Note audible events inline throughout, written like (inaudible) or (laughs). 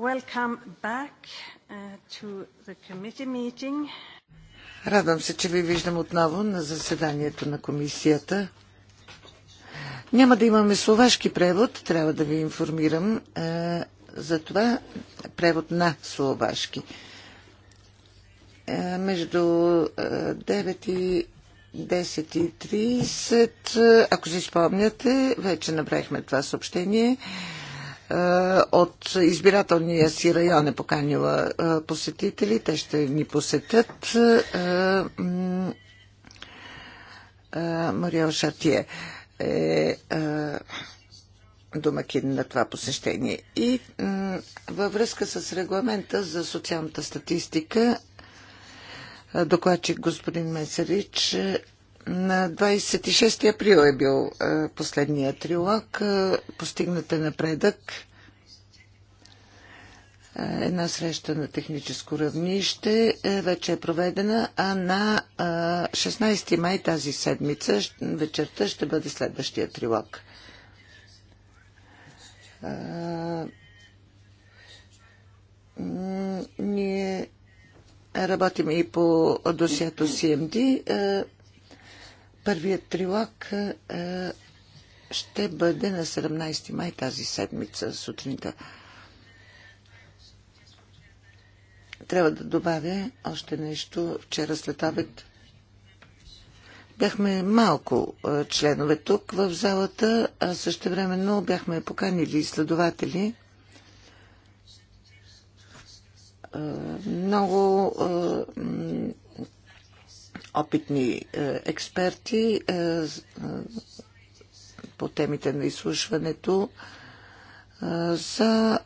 Welcome back uh, to the committee meeting. Радвам се, че ви виждам отново на заседанието на комисията. Няма да имаме словашки превод, трябва да ви информирам е, за това превод на словашки. Е, между 9 е, и 10 и 30. ако си спомняте, вече направихме това съобщение. Е, от избирателния си район е поканила е, посетители. Те ще ни посетят. Е, Мариел Шартие е домакин на това посещение. И във връзка с регламента за социалната статистика, докладчик господин Месерич на 26 април е бил е, последният трилог. Е, постигнат е напредък. Е, една среща на техническо равнище вече е проведена, а на 16 май тази седмица вечерта ще бъде следващия трилог. Ние работим и по досието CMD Първият трилог е, ще бъде на 17 май тази седмица сутринта. Трябва да добавя още нещо. Вчера след обед бяхме малко е, членове тук в залата, а също времено бяхме поканили изследователи. Е, много опитни е, експерти е, е, по темите на изслушването за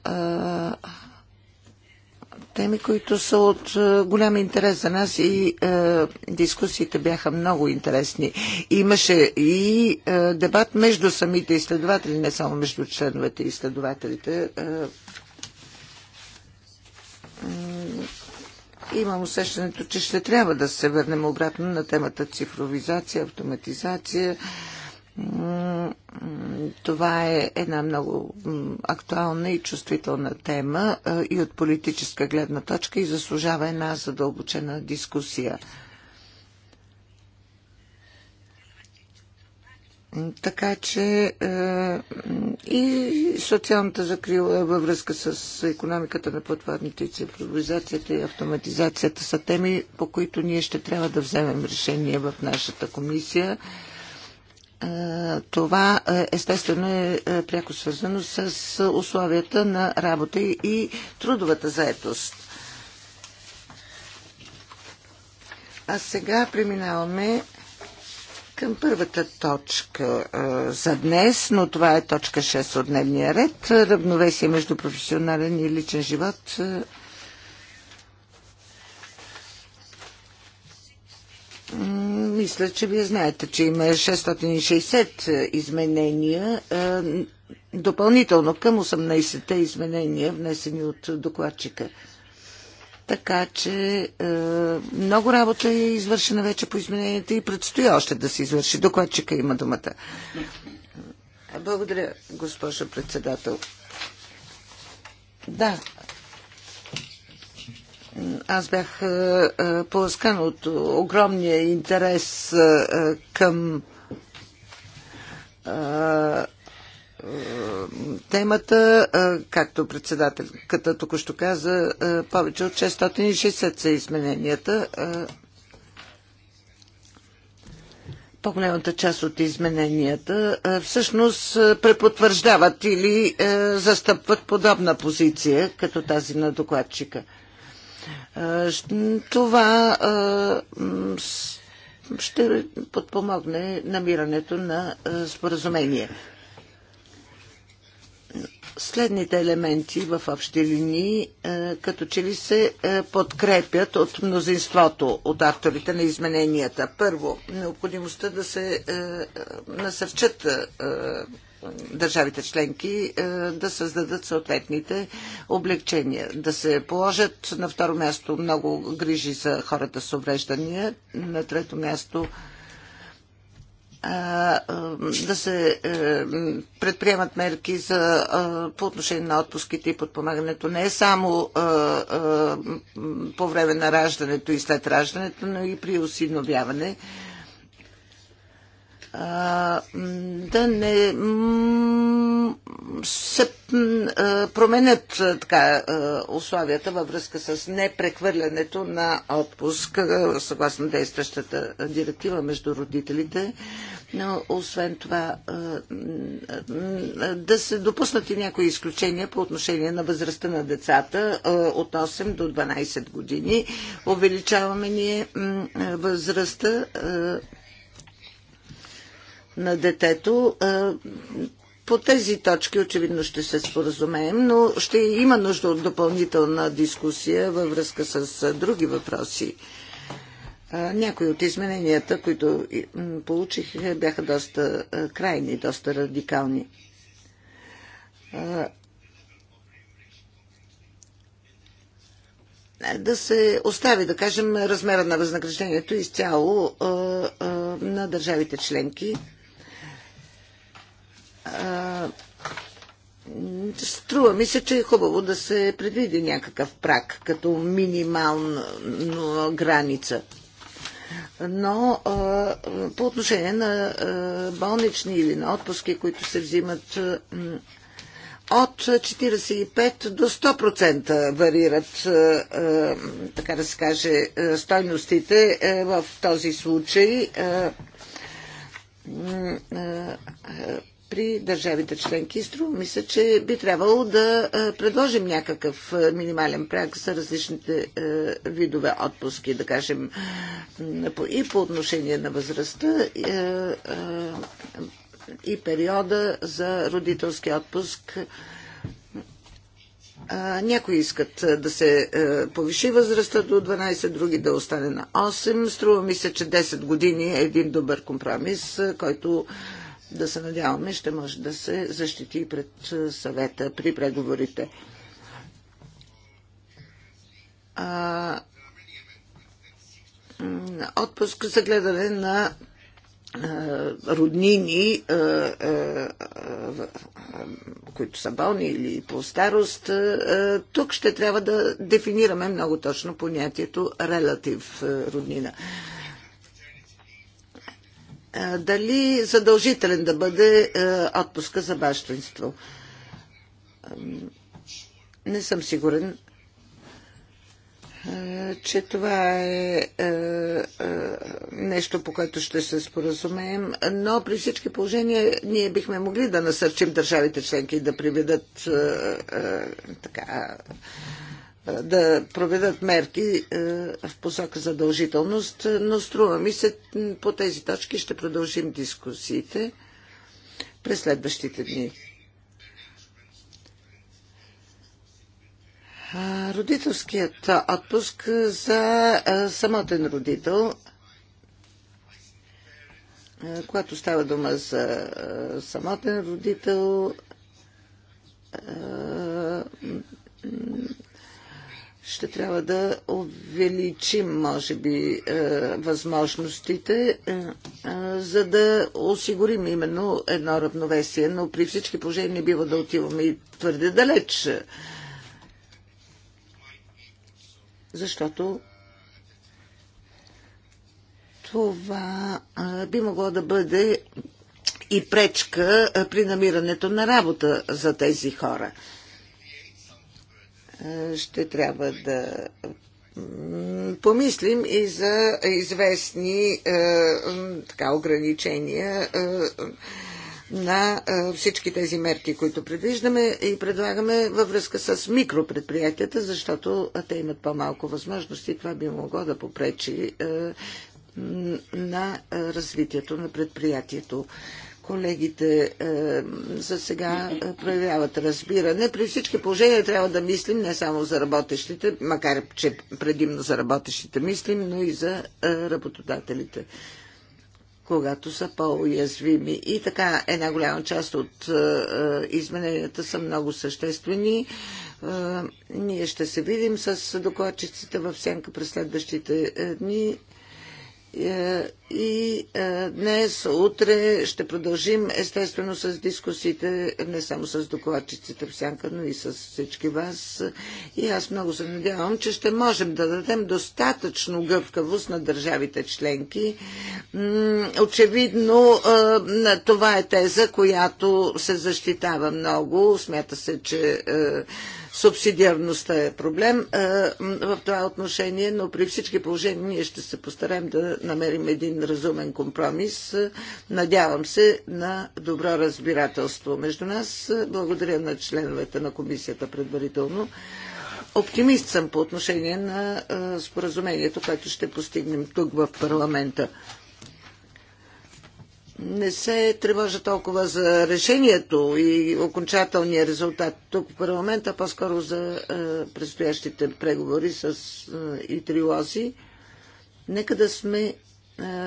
теми, които са от голям интерес за нас и е, дискусиите бяха много интересни. Имаше и е, дебат между самите изследователи, не само между членовете и изследователите. Е, имам усещането, че ще трябва да се върнем обратно на темата цифровизация, автоматизация. Това е една много актуална и чувствителна тема и от политическа гледна точка и заслужава една задълбочена дискусия. Така че е, и социалната закрила във връзка с економиката на платформите и цифровизацията и автоматизацията са теми, по които ние ще трябва да вземем решение в нашата комисия. Е, това е, естествено е, е пряко свързано с условията на работа и трудовата заетост. А сега преминаваме към първата точка а, за днес, но това е точка 6 от дневния ред. Равновесие между професионален и личен живот. Мисля, че вие знаете, че има 660 изменения допълнително към 18-те изменения, внесени от докладчика. Така че е, много работа е извършена вече по измененията и предстои още да се извърши. Докладчика има думата. Благодаря, госпожа председател. Да, аз бях е, е, поласкан от огромния интерес е, е към е, темата, както председателката току-що каза, повече от 660 са измененията. По-голямата част от измененията всъщност препотвърждават или застъпват подобна позиция, като тази на докладчика. Това ще подпомогне намирането на споразумение следните елементи в общи линии, е, като че ли се е, подкрепят от мнозинството от авторите на измененията. Първо, необходимостта да се е, насърчат държавите членки да създадат съответните облегчения, да се положат на второ място много грижи за хората с увреждания, на трето място да се е, предприемат мерки за, по отношение на отпуските и подпомагането не е само по време на раждането и след раждането, но и при осиновяване да не се променят така, условията във връзка с непрехвърлянето на отпуск съгласно действащата директива между родителите, но освен това да се допуснат и някои изключения по отношение на възрастта на децата от 8 до 12 години. Увеличаваме ние възрастта на детето. По тези точки очевидно ще се споразумеем, но ще има нужда от допълнителна дискусия във връзка с други въпроси. Някои от измененията, които получих, е, бяха доста крайни, доста радикални. Да се остави, да кажем, размера на възнаграждението изцяло на държавите членки струва ми се, че е хубаво да се предвиди някакъв прак като минимална граница. Но а, по отношение на а, болнични или на отпуски, които се взимат а, от 45 до 100% варират, така да се каже, стойностите в този случай при държавите членки. Струва ми се, че би трябвало да предложим някакъв минимален прак за различните видове отпуски, да кажем и по отношение на възрастта и периода за родителски отпуск. Някои искат да се повиши възрастта до 12, други да остане на 8. Струва ми се, че 10 години е един добър компромис, който да се надяваме, ще може да се защити пред съвета при преговорите. А, отпуск за гледане на роднини, които са болни или по старост, тук ще трябва да дефинираме много точно понятието релатив роднина дали задължителен да бъде отпуска за бащинство. Не съм сигурен, че това е нещо, по което ще се споразумеем, но при всички положения ние бихме могли да насърчим държавите членки да приведат така е, да проведат мерки е, в посока задължителност, но струва ми се по тези точки ще продължим дискусиите през следващите дни. Родителският отпуск за е, самотен родител, когато става дума за самотен родител, ще трябва да увеличим, може би, е, възможностите, е, е, за да осигурим именно едно равновесие, но при всички положения не бива да отиваме и твърде далеч. Защото това би могло да бъде и пречка при намирането на работа за тези хора ще трябва да помислим и за известни е, така, ограничения е, на е, всички тези мерки, които предвиждаме и предлагаме във връзка с микропредприятията, защото те имат по-малко възможности. Това би могло да попречи на развитието на предприятието колегите е, за сега е, проявяват разбиране. При всички положения трябва да мислим не само за работещите, макар че предимно за работещите мислим, но и за е, работодателите когато са по-уязвими. И така, една голяма част от е, е измененията са много съществени. Е, ние ще се видим с докладчиците в сенка през следващите е, дни. Е, и е, днес, утре ще продължим естествено с дискусиите, не само с докладчиците в сянка, но и с всички вас. И аз много се надявам, че ще можем да дадем достатъчно гъвкавост на държавите членки. Очевидно, е, това е теза, която се защитава много. Смята се, че Субсидиарността е проблем в това отношение, но при всички положения ние ще се постараем да намерим един разумен компромис. Надявам се на добро разбирателство между нас. Благодаря на членовете на комисията предварително. Оптимист съм по отношение на споразумението, което ще постигнем тук в парламента не се тревожа толкова за решението и окончателния резултат тук в парламента, по-скоро за е, предстоящите преговори с, е, и трилози. Нека да сме е,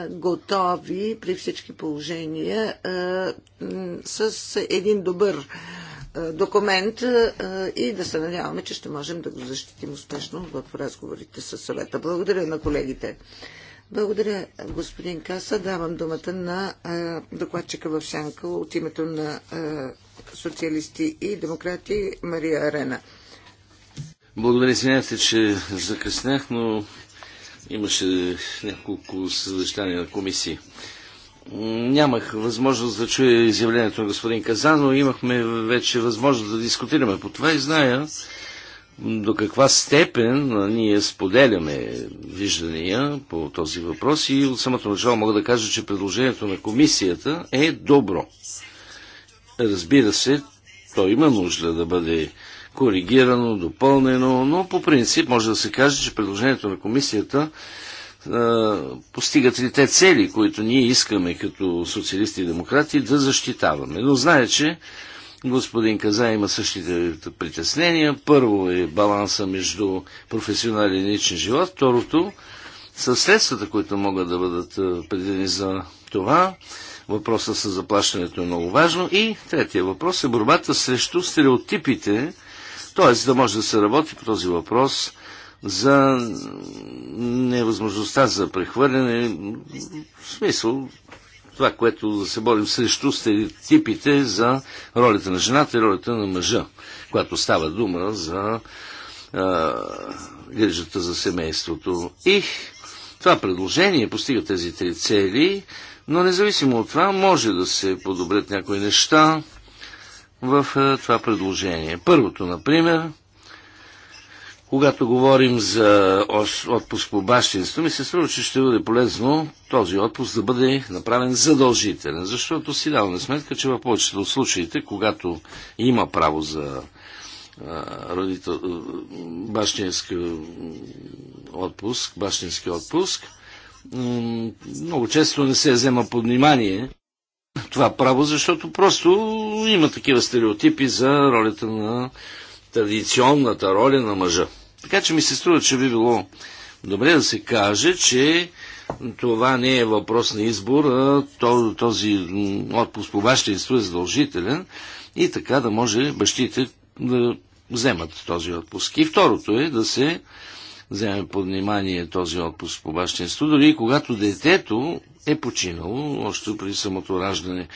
готови при всички положения с един добър документ и да се надяваме, че ще можем да го защитим успешно в разговорите с съвета. Благодаря на колегите. Благодаря, господин Каса. Давам думата на докладчика в Сянка от името на социалисти и демократи Мария Арена. Благодаря, извинявайте, че закъснях, но имаше няколко съвещания на комисии. Нямах възможност да чуя изявлението на господин Казан, но имахме вече възможност да дискутираме по това и зная, до каква степен ние споделяме виждания по този въпрос и от самото начало мога да кажа, че предложението на комисията е добро. Разбира се, то има нужда да бъде коригирано, допълнено, но по принцип може да се каже, че предложението на комисията постигат ли те цели, които ние искаме като социалисти и демократи да защитаваме. Но знае, че Господин Каза има същите притеснения. Първо е баланса между професионален и личен живот. Второто са средствата, които могат да бъдат е, предвидени за това. Въпроса с заплащането е много важно. И третия въпрос е борбата срещу стереотипите, т.е. да може да се работи по този въпрос за невъзможността за прехвърляне. В смисъл, това, което да се борим срещу стереотипите за ролята на жената и ролята на мъжа, която става дума за а, грижата за семейството. И това предложение постига тези три цели, но независимо от това може да се подобрят някои неща в а, това предложение. Първото, например, когато говорим за отпуск по бащинство, ми се струва, че ще бъде полезно този отпуск да бъде направен задължителен, защото си даваме сметка, че в повечето от случаите, когато има право за родител, бащински отпуск, бащински отпуск, много често не се взема под внимание това право, защото просто има такива стереотипи за ролята на традиционната роля на мъжа. Така че ми се струва, че би било добре да се каже, че това не е въпрос на избор, а този отпуск по бащинство е задължителен и така да може бащите да вземат този отпуск. И второто е да се вземе под внимание този отпуск по бащинство, дори когато детето е починало още при самото раждане.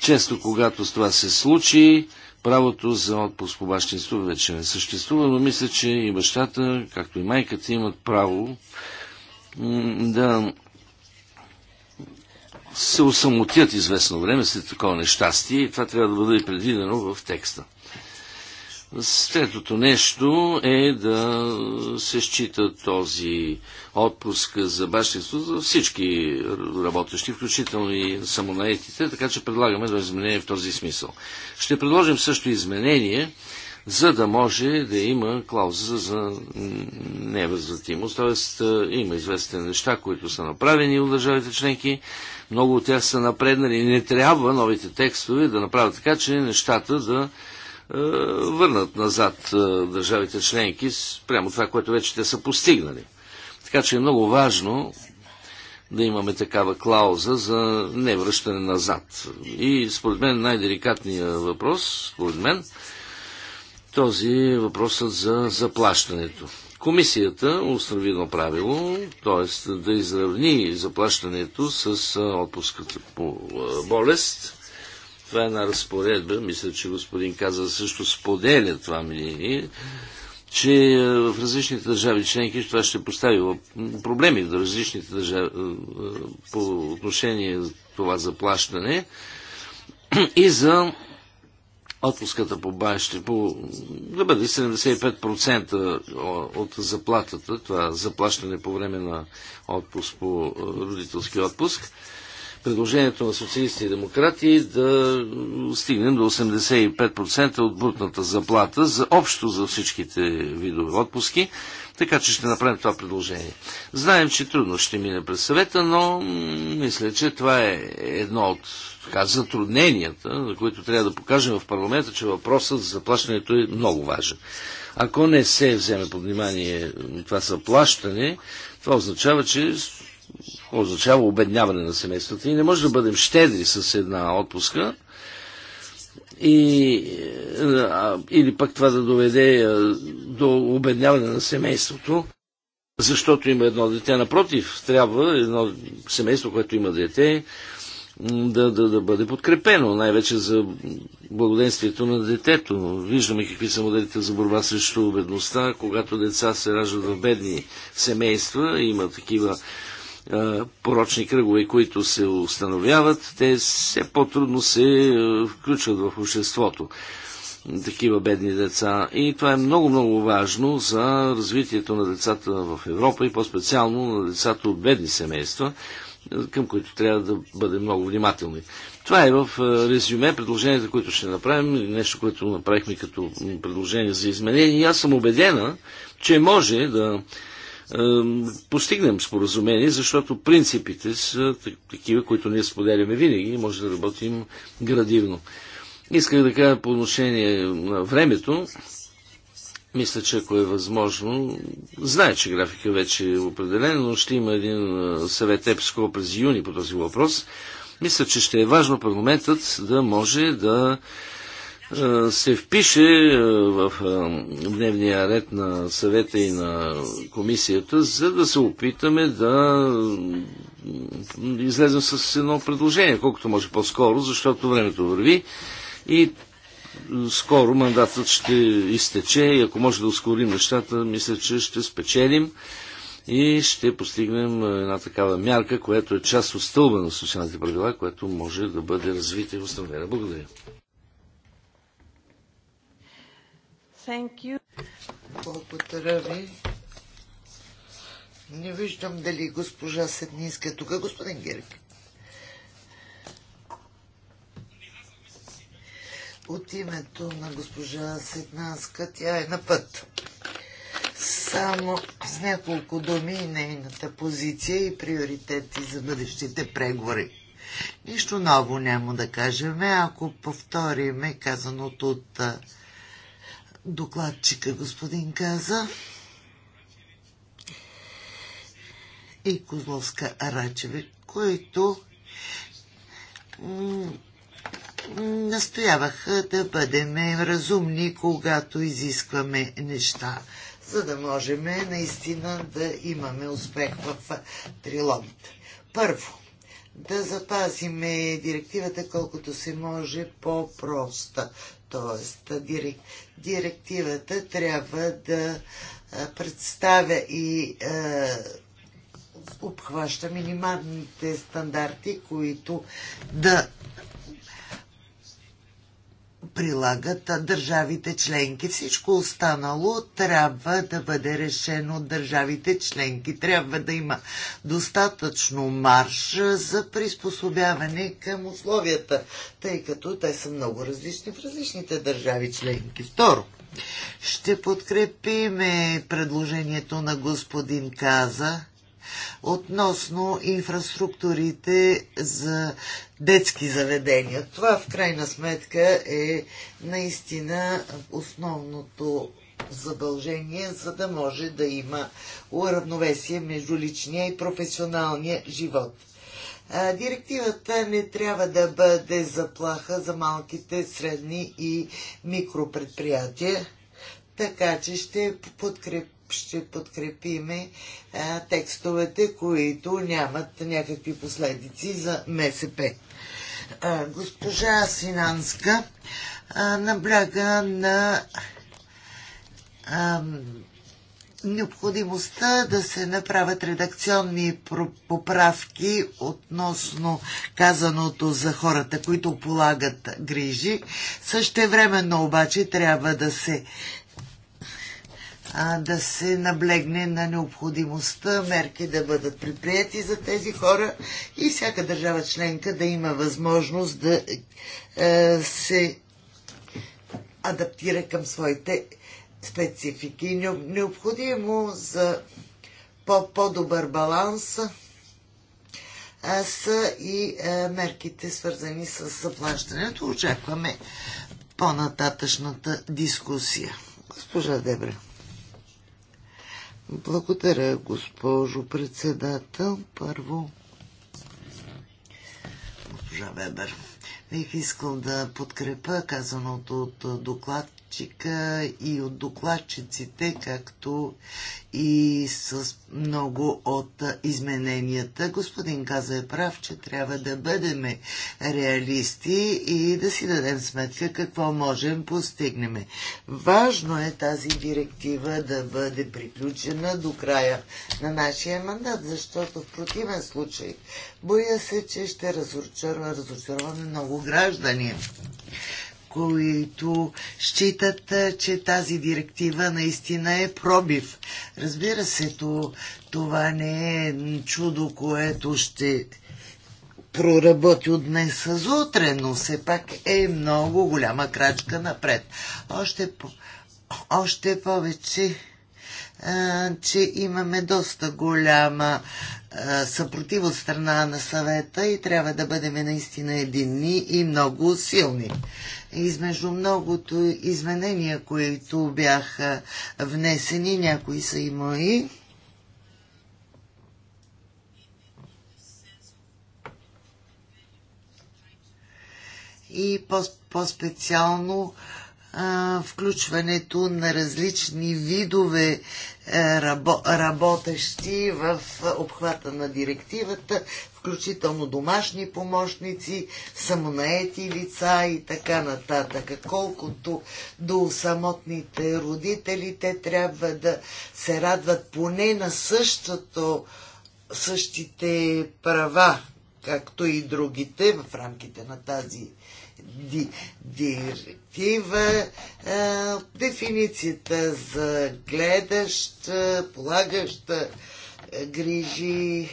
Често, когато това се случи, Правото за отпуск по бащинство вече не съществува, но мисля, че и бащата, както и майката, имат право да се осамотят известно време след такова нещастие и това трябва да бъде предвидено в текста. Следното нещо е да се счита този отпуск за бащинство за всички работещи, включително и самонаетите, така че предлагаме да изменение в този смисъл. Ще предложим също изменение, за да може да има клауза за невъзвратимост. Тоест е, има известни неща, които са направени от държавите членки. Много от тях са напреднали. Не трябва новите текстове да направят така, че нещата да е, върнат назад е, държавите членки прямо това, което вече те са постигнали. Така че е много важно да имаме такава клауза за невръщане назад. И според мен най-деликатният въпрос, според мен, този е въпросът за заплащането. Комисията установи едно правило, т.е. да изравни заплащането с е, отпуската по болест това е една разпоредба, мисля, че господин каза също споделя това мнение, че е, в различните държави членки това ще постави проблеми в различните държави е, е, по отношение за това заплащане и за отпуската по баща по, да бъде 75% от заплатата, това заплащане по време на отпуск по родителски отпуск предложението на социалисти и демократи да стигнем до 85% от брутната заплата за общо за всичките видове отпуски, така че ще направим това предложение. Знаем, че трудно ще мине през съвета, но мисля, че това е едно от така, затрудненията, на които трябва да покажем в парламента, че въпросът за заплащането е много важен. Ако не се вземе под внимание това заплащане, това означава, че означава обедняване на семействата. И не може да бъдем щедри с една отпуска, и, или пък това да доведе до обедняване на семейството, защото има едно дете. Напротив, трябва едно семейство, което има дете, да, да, да бъде подкрепено, най-вече за благоденствието на детето. Виждаме какви са моделите за борба срещу бедността, когато деца се раждат в бедни семейства, има такива порочни кръгове, които се установяват, те все по-трудно се включват в обществото такива бедни деца. И това е много-много важно за развитието на децата в Европа и по-специално на децата от бедни семейства, към които трябва да бъдем много внимателни. Това е в резюме предложенията, които ще направим, нещо, което направихме като предложение за изменение. И аз съм убедена, че може да постигнем споразумение, защото принципите са такива, които ние споделяме винаги и може да работим градивно. Исках да кажа по отношение на времето. Мисля, че ако е възможно, знае, че графика вече е определен, но ще има един съвет ЕПСКО през юни по този въпрос. Мисля, че ще е важно парламентът да може да е, се впише е, в е, дневния ред на съвета и на комисията, за да се опитаме да излезем с едно предложение, колкото може по-скоро, защото времето върви и скоро мандатът ще изтече и ако може да ускорим нещата, мисля, че ще спечелим и ще постигнем една такава мярка, която е част от стълба на социалните правила, която може да бъде развита и установена. Благодаря. Thank you. Благодаря ви. Не виждам дали госпожа Седнинска е тук. Господин Герки. От името на госпожа Седнанска, тя е на път. Само с няколко думи и нейната позиция и приоритети за бъдещите преговори. Нищо ново няма да кажем, ако повториме казаното от докладчика господин Каза и Козловска Рачеве, които настояваха да бъдем разумни, когато изискваме неща, за да можем наистина да имаме успех в трилогите. Първо, да запазиме директивата колкото се може по-проста. Тоест, директивата трябва да представя и обхваща минималните стандарти, които да прилагат държавите членки. Всичко останало трябва да бъде решено от държавите членки. Трябва да има достатъчно марш за приспособяване към условията, тъй като те са много различни в различните държави членки. Второ, ще подкрепиме предложението на господин Каза относно инфраструктурите за детски заведения. Това в крайна сметка е наистина основното задължение, за да може да има уравновесие между личния и професионалния живот. Директивата не трябва да бъде заплаха за малките, средни и микропредприятия, така че ще, подкреп, ще подкрепиме текстовете, които нямат някакви последици за МСП. Госпожа Синанска набляга на необходимостта да се направят редакционни поправки относно казаното за хората, които полагат грижи. Същевременно обаче трябва да се а, да се наблегне на необходимостта мерки да бъдат предприяти за тези хора и всяка държава членка да има възможност да а, е, се адаптира към своите специфики. Необходимо за по-добър -по баланс е, са и е, мерките свързани с заплащането. Очакваме по-нататъчната дискусия. Госпожа Дебре. Благодаря, госпожо председател. Първо, госпожа Вебер, бих искал да подкрепа казаното от доклад докладчика и от докладчиците, както и с много от измененията. Господин Каза е прав, че трябва да бъдем реалисти и да си дадем сметка какво можем постигнем. Важно е тази директива да бъде приключена до края на нашия мандат, защото в противен случай боя се, че ще разочароваме много граждани които считат, че тази директива наистина е пробив. Разбира се, това не е чудо, което ще проработи от днес за утре, но все пак е много голяма крачка напред. Още, по, още повече, а, че имаме доста голяма съпротив от страна на съвета и трябва да бъдем наистина единни и много силни измежду многото изменения, които бяха внесени, някои са и мои. И по-специално по включването на различни видове е, работещи в обхвата на директивата, включително домашни помощници, самонаети лица и така нататък. Колкото до самотните родители, те трябва да се радват поне на същото, същите права, както и другите в рамките на тази директива, дефиницията за гледаща, полагаща грижи,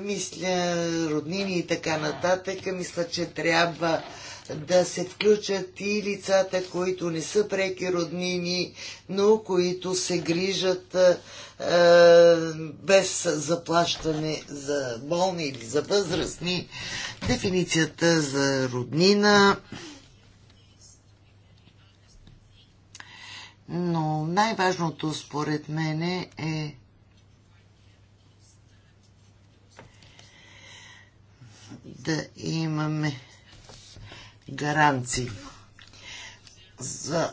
мисля, роднини и така нататък. Мисля, че трябва да се включат и лицата, които не са преки роднини, но които се грижат е, без заплащане за болни или за възрастни. Дефиницията за роднина. Но най-важното според мене е да имаме гаранции за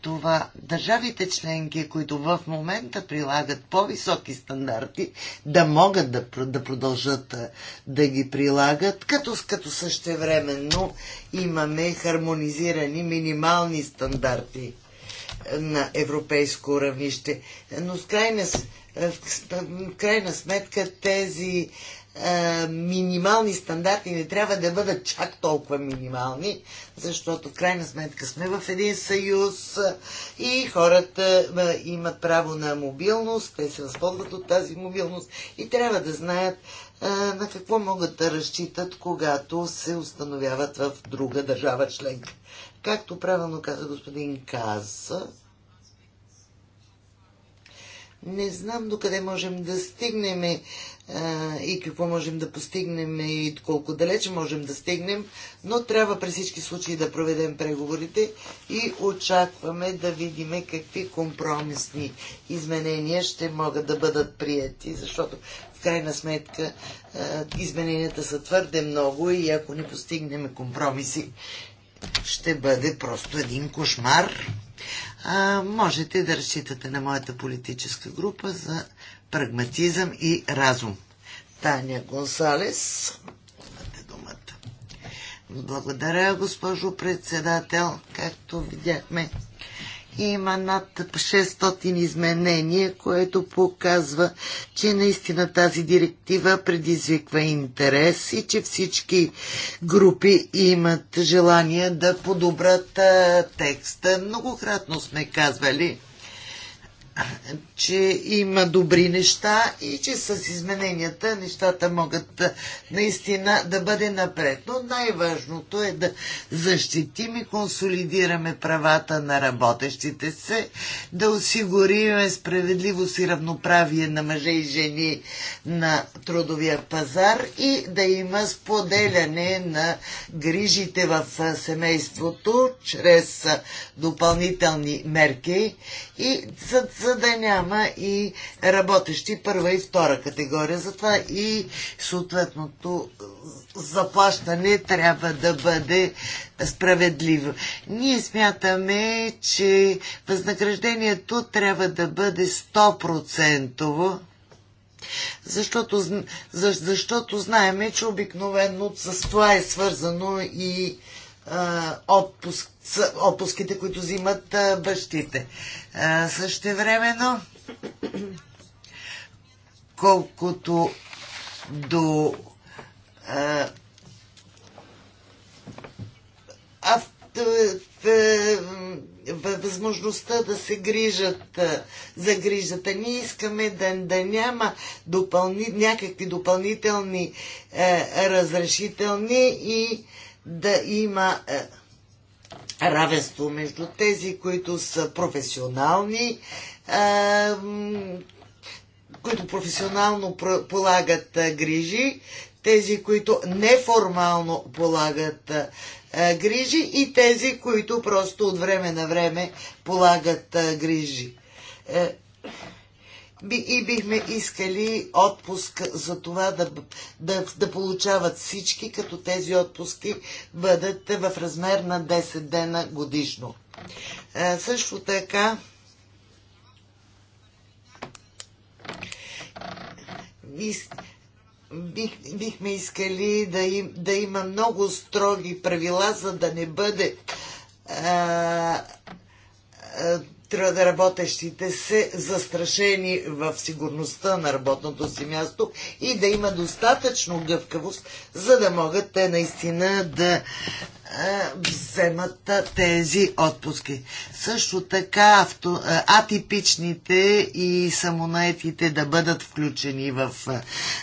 това държавите членки, които в момента прилагат по-високи стандарти, да могат да, да продължат да ги прилагат, като, като същевременно имаме хармонизирани минимални стандарти на европейско равнище. Но в крайна, в крайна сметка тези е, минимални стандарти не трябва да бъдат чак толкова минимални, защото в крайна сметка сме в един съюз е, и хората е, имат право на мобилност, те се възползват от тази мобилност и трябва да знаят на какво могат да разчитат, когато се установяват в друга държава членка. Както правилно каза господин Каза, не знам докъде можем да стигнем и какво можем да постигнем и колко далеч можем да стигнем, но трябва при всички случаи да проведем преговорите и очакваме да видим какви компромисни изменения ще могат да бъдат прияти, защото в крайна сметка измененията са твърде много и ако не постигнем компромиси, ще бъде просто един кошмар. А, можете да разчитате на моята политическа група за прагматизъм и разум. Таня Гонсалес, имате думата. Благодаря, госпожо председател. Както видяхме, има над 600 изменения, което показва, че наистина тази директива предизвиква интерес и че всички групи имат желание да подобрат текста. Многократно сме казвали, че има добри неща и че с измененията нещата могат наистина да бъде напред. Но най-важното е да защитим и консолидираме правата на работещите се, да осигуриме справедливост и равноправие на мъже и жени на трудовия пазар и да има споделяне на грижите в семейството чрез допълнителни мерки и за за да няма и работещи първа и втора категория. Затова и съответното заплащане трябва да бъде справедливо. Ние смятаме, че възнаграждението трябва да бъде 100%. Защото, защото знаеме, че обикновено с това е свързано и отпуск, отпуските, които взимат бащите. Също времено, колкото до а, авто, е, е, възможността да се грижат за грижата. Ние искаме да, да няма допълни, някакви допълнителни е, разрешителни и да има е, равенство между тези, които са професионални, е, които професионално полагат е, грижи, тези, които неформално полагат грижи и тези, които просто от време на време полагат грижи би, и бихме искали отпуск за това да, да, да получават всички, като тези отпуски бъдат в размер на 10 дена годишно. А, също така бих, бих, бихме искали да, им, да има много строги правила, за да не бъде а, а работещите се застрашени в сигурността на работното си място и да има достатъчно гъвкавост, за да могат те наистина да вземат тези отпуски. Също така авто, атипичните и самонаетите да бъдат включени в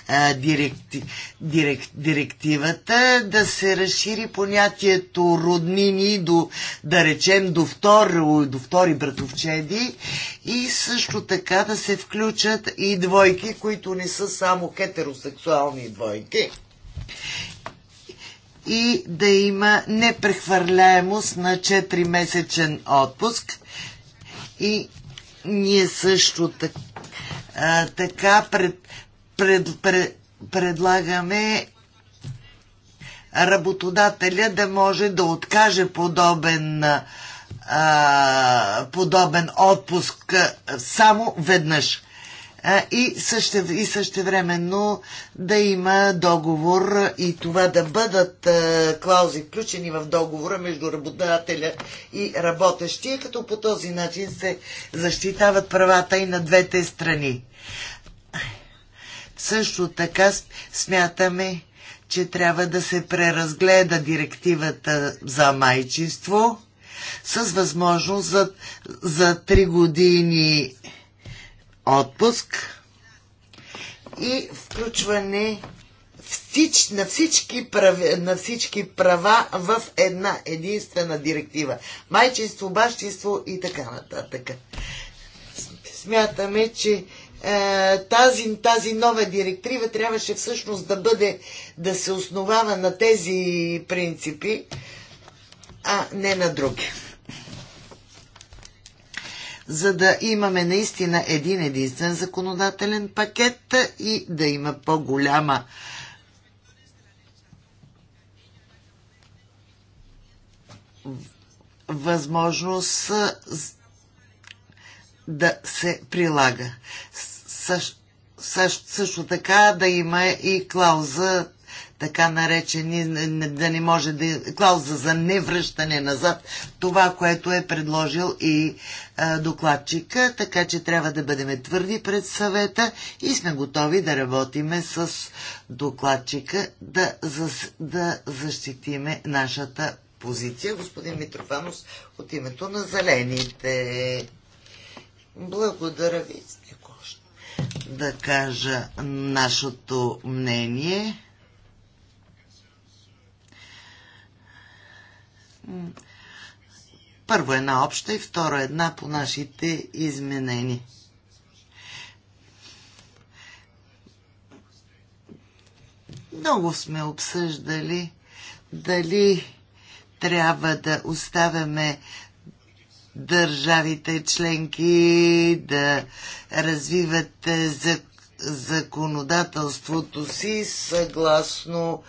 а, директи, директ, директивата, да се разшири понятието роднини до, да речем, до втори, до втори братовчеди и също така да се включат и двойки, които не са само хетеросексуални двойки и да има непрехвърляемост на 4-месечен отпуск. И ние също така, а, така пред, пред, пред, предлагаме работодателя да може да откаже подобен, а, подобен отпуск само веднъж и, също, и същевременно да има договор и това да бъдат клаузи включени в договора между работодателя и работещия, като по този начин се защитават правата и на двете страни. Също така смятаме, че трябва да се преразгледа директивата за майчинство с възможност за, за 3 години отпуск и включване всич, на, всички права, на всички права в една единствена директива. Майчинство, бащинство и така нататък. Смятаме, че е, тази, тази нова директива трябваше всъщност да бъде, да се основава на тези принципи, а не на други за да имаме наистина един единствен законодателен пакет и да има по-голяма възможност да се прилага. Също, също, така да има и клауза така наречени, да не може да клауза за невръщане назад това, което е предложил и а, докладчика, така че трябва да бъдем твърди пред съвета и сме готови да работиме с докладчика да, за, да защитиме нашата позиция. Господин Митрофанов от името на зелените. Благодаря ви да кажа нашето мнение. Първо една обща и второ една по нашите изменени. Много сме обсъждали дали трябва да оставяме държавите членки да развиват е, законодателството си съгласно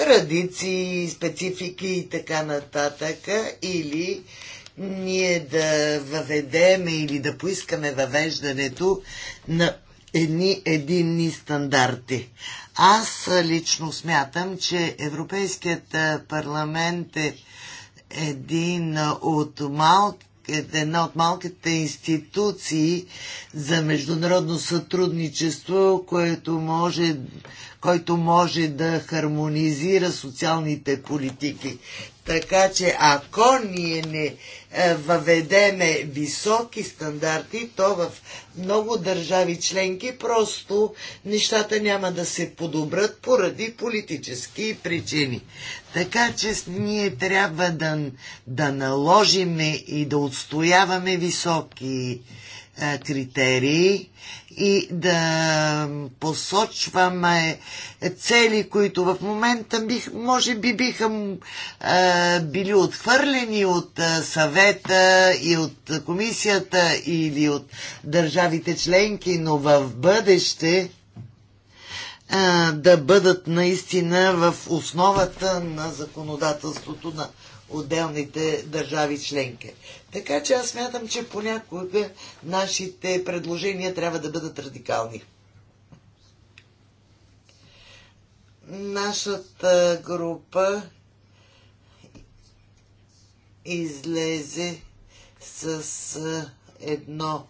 традиции, специфики и така нататък, или ние да въведеме или да поискаме въвеждането на едни единни стандарти. Аз лично смятам, че Европейският парламент е един от малко е, една от малките институции за международно сътрудничество, което може, който може да хармонизира социалните политики. Така че ако ние не е, въведеме високи стандарти, то в много държави членки просто нещата няма да се подобрат поради политически причини. Така че ние трябва да, да наложиме и да отстояваме високи е, критерии и да посочваме цели, които в момента бих, може би биха а, е, били отхвърлени от е, съвета и от комисията или от държавите членки, но в бъдеще а, да бъдат наистина в основата на законодателството на отделните държави членки. Така че аз смятам, че понякога нашите предложения трябва да бъдат радикални. Нашата група излезе с едно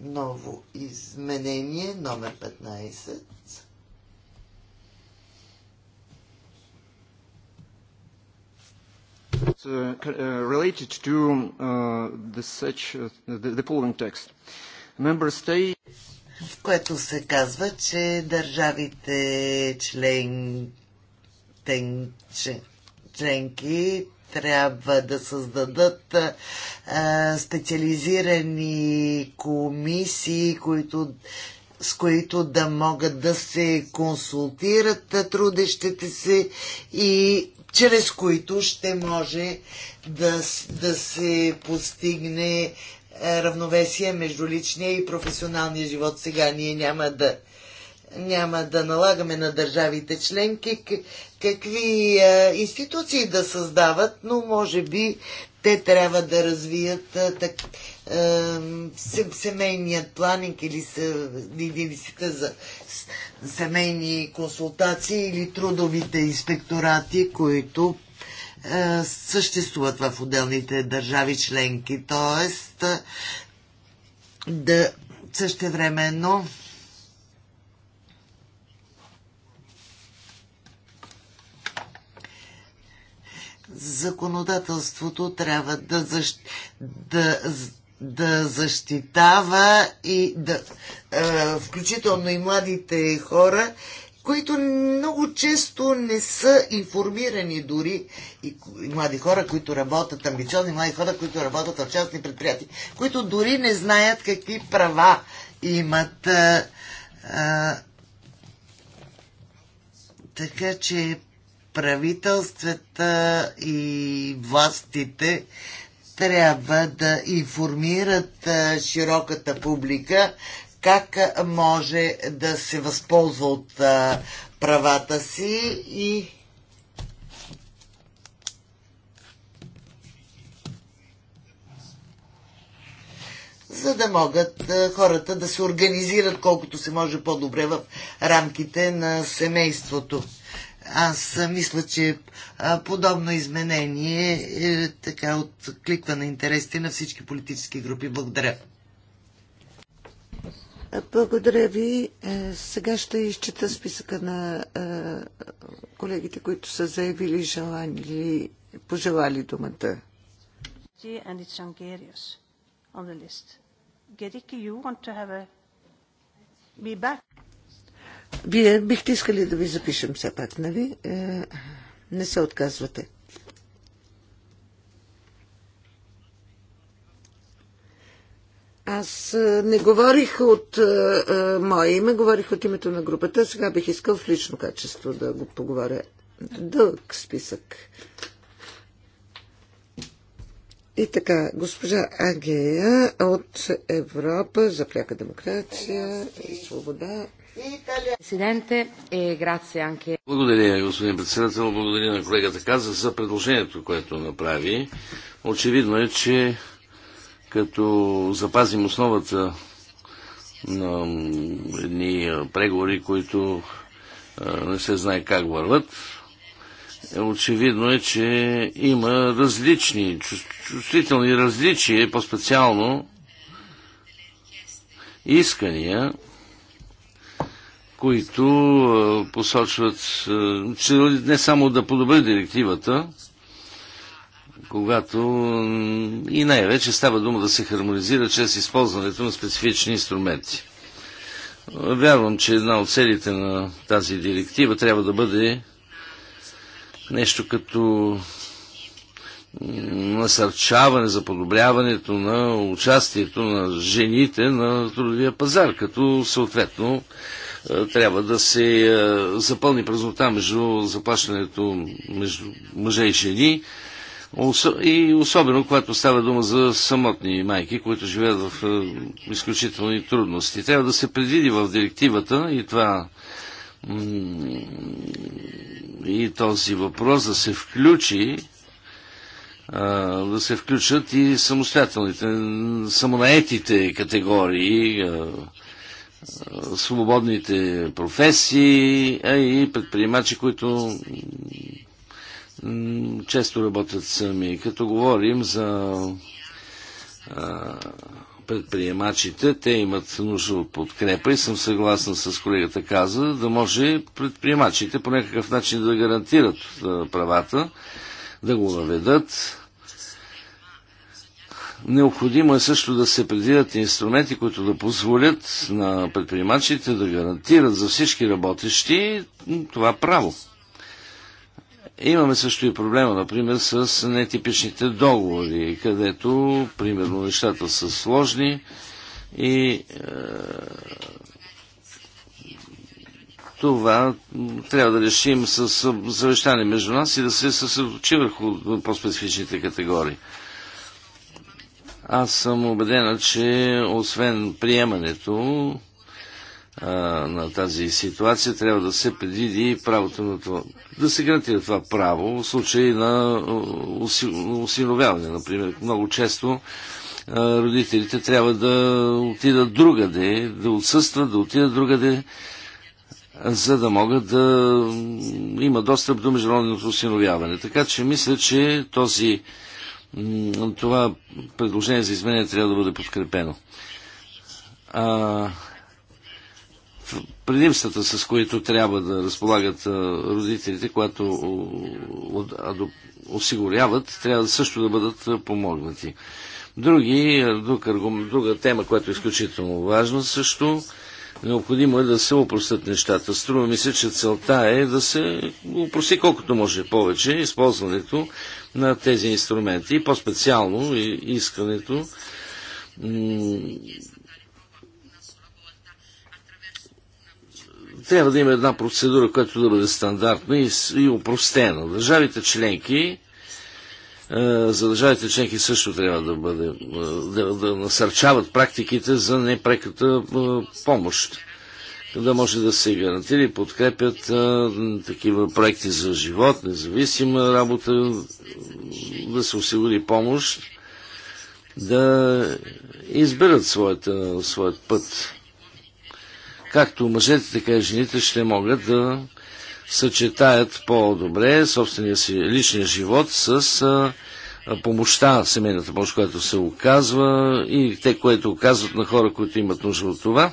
ново изменение, номер 15. Uh, uh, related to uh, the such, the, the following text. Member states. В което се казва, че държавите член... Тен... членки трябва да създадат а, специализирани комисии, които с които да могат да се консултират трудещите се и чрез които ще може да, да се постигне е, равновесие между личния и професионалния живот. Сега ние няма да, няма да налагаме на държавите членки какви е, институции да създават, но може би те трябва да развият так, семейният планинг, или, или за семейни консултации или трудовите инспекторати, които съществуват в отделните държави членки. Тоест да същевременно законодателството трябва да, защ... да, да защитава и да, а, включително и младите хора, които много често не са информирани дори и, и млади хора, които работят, амбициозни млади хора, които работят в частни предприятия, които дори не знаят какви права имат. А, а, така че правителствата и властите трябва да информират широката публика как може да се възползва от правата си и за да могат хората да се организират колкото се може по-добре в рамките на семейството. Аз мисля, че подобно изменение е, е така откликва на интересите на всички политически групи. Благодаря. Благодаря ви. Е, сега ще изчета списъка на е, колегите, които са заявили или пожелали думата. Gerike, you want to have a... be back? Вие бихте искали да ви запишем все пак, нали? Е, не се отказвате. Аз е, не говорих от е, е, мое име, говорих от името на групата. Сега бих искал в лично качество да го поговоря. Дълъг списък. И така, госпожа Агея от Европа за пряка демокрация и свобода. Е, Благодаря, господин председател. Благодаря на колегата Каза за предложението, което направи. Очевидно е, че като запазим основата на едни преговори, които не се знае как върват, очевидно е, че има различни, чувствителни различия, по-специално искания които посочват, че не само да подобри директивата, когато и най-вече става дума да се хармонизира чрез използването на специфични инструменти. Вярвам, че една от целите на тази директива трябва да бъде нещо като насърчаване за подобряването на участието на жените на трудовия пазар, като съответно е, трябва да се е, запълни празнота между заплащането между мъже и жени. И особено, когато става дума за самотни майки, които живеят в е, изключителни трудности. Трябва да се предвиди в директивата и това и този въпрос да се включи да се включат и самостоятелните, самонаетите категории, свободните професии, а и предприемачи, които често работят сами. Като говорим за предприемачите, те имат нужда от подкрепа и съм съгласен с колегата Каза, да може предприемачите по някакъв начин да гарантират правата, да го въведат Необходимо е също да се предвидят инструменти, които да позволят на предприемачите да гарантират за всички работещи това право. Имаме също и проблема, например, с нетипичните договори, където, примерно, нещата са сложни и е, това трябва да решим с е, завещание между нас и да се съсредочи върху по-специфичните категории. Аз съм убедена, че освен приемането а, на тази ситуация, трябва да се предвиди правото на това, да се гарантира това право в случай на осиновяване. Например, много често а, родителите трябва да отидат другаде, да отсъстват, да отидат другаде, за да могат да има достъп до международното осиновяване. Така че мисля, че този това предложение за изменение трябва да бъде подкрепено. А, предимствата, с които трябва да разполагат родителите, когато осигуряват, трябва също да бъдат помогнати. Други, друг, друга тема, която е изключително важна също, необходимо е да се упростят нещата. Струва ми се, че целта е да се упрости колкото може повече използването на тези инструменти. И по-специално искането трябва да има една процедура, която да бъде стандартна и, упростена. Държавите членки, е, за държавите членки също трябва да бъде, е, да, да насърчават практиките за непреката е, помощ да може да се гарантира и подкрепят а, такива проекти за живот, независима работа, да се осигури помощ, да изберат своята, своят път. Както мъжете, така и жените ще могат да съчетаят по-добре собствения си личния живот с а, помощта, семейната помощ, която се оказва и те, което оказват на хора, които имат нужда от това.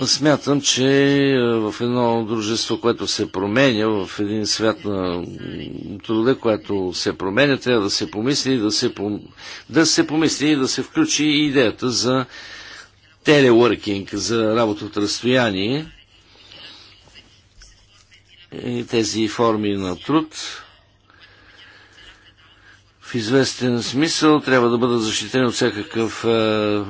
Смятам, че е, в едно дружество, което се променя, в един свят на труда, което се променя, трябва да се помисли, да се, пом... да се помисли и да се включи идеята за телеворкинг, за работа от разстояние и тези форми на труд в известен смисъл трябва да бъдат защитени от, всякакъв, е,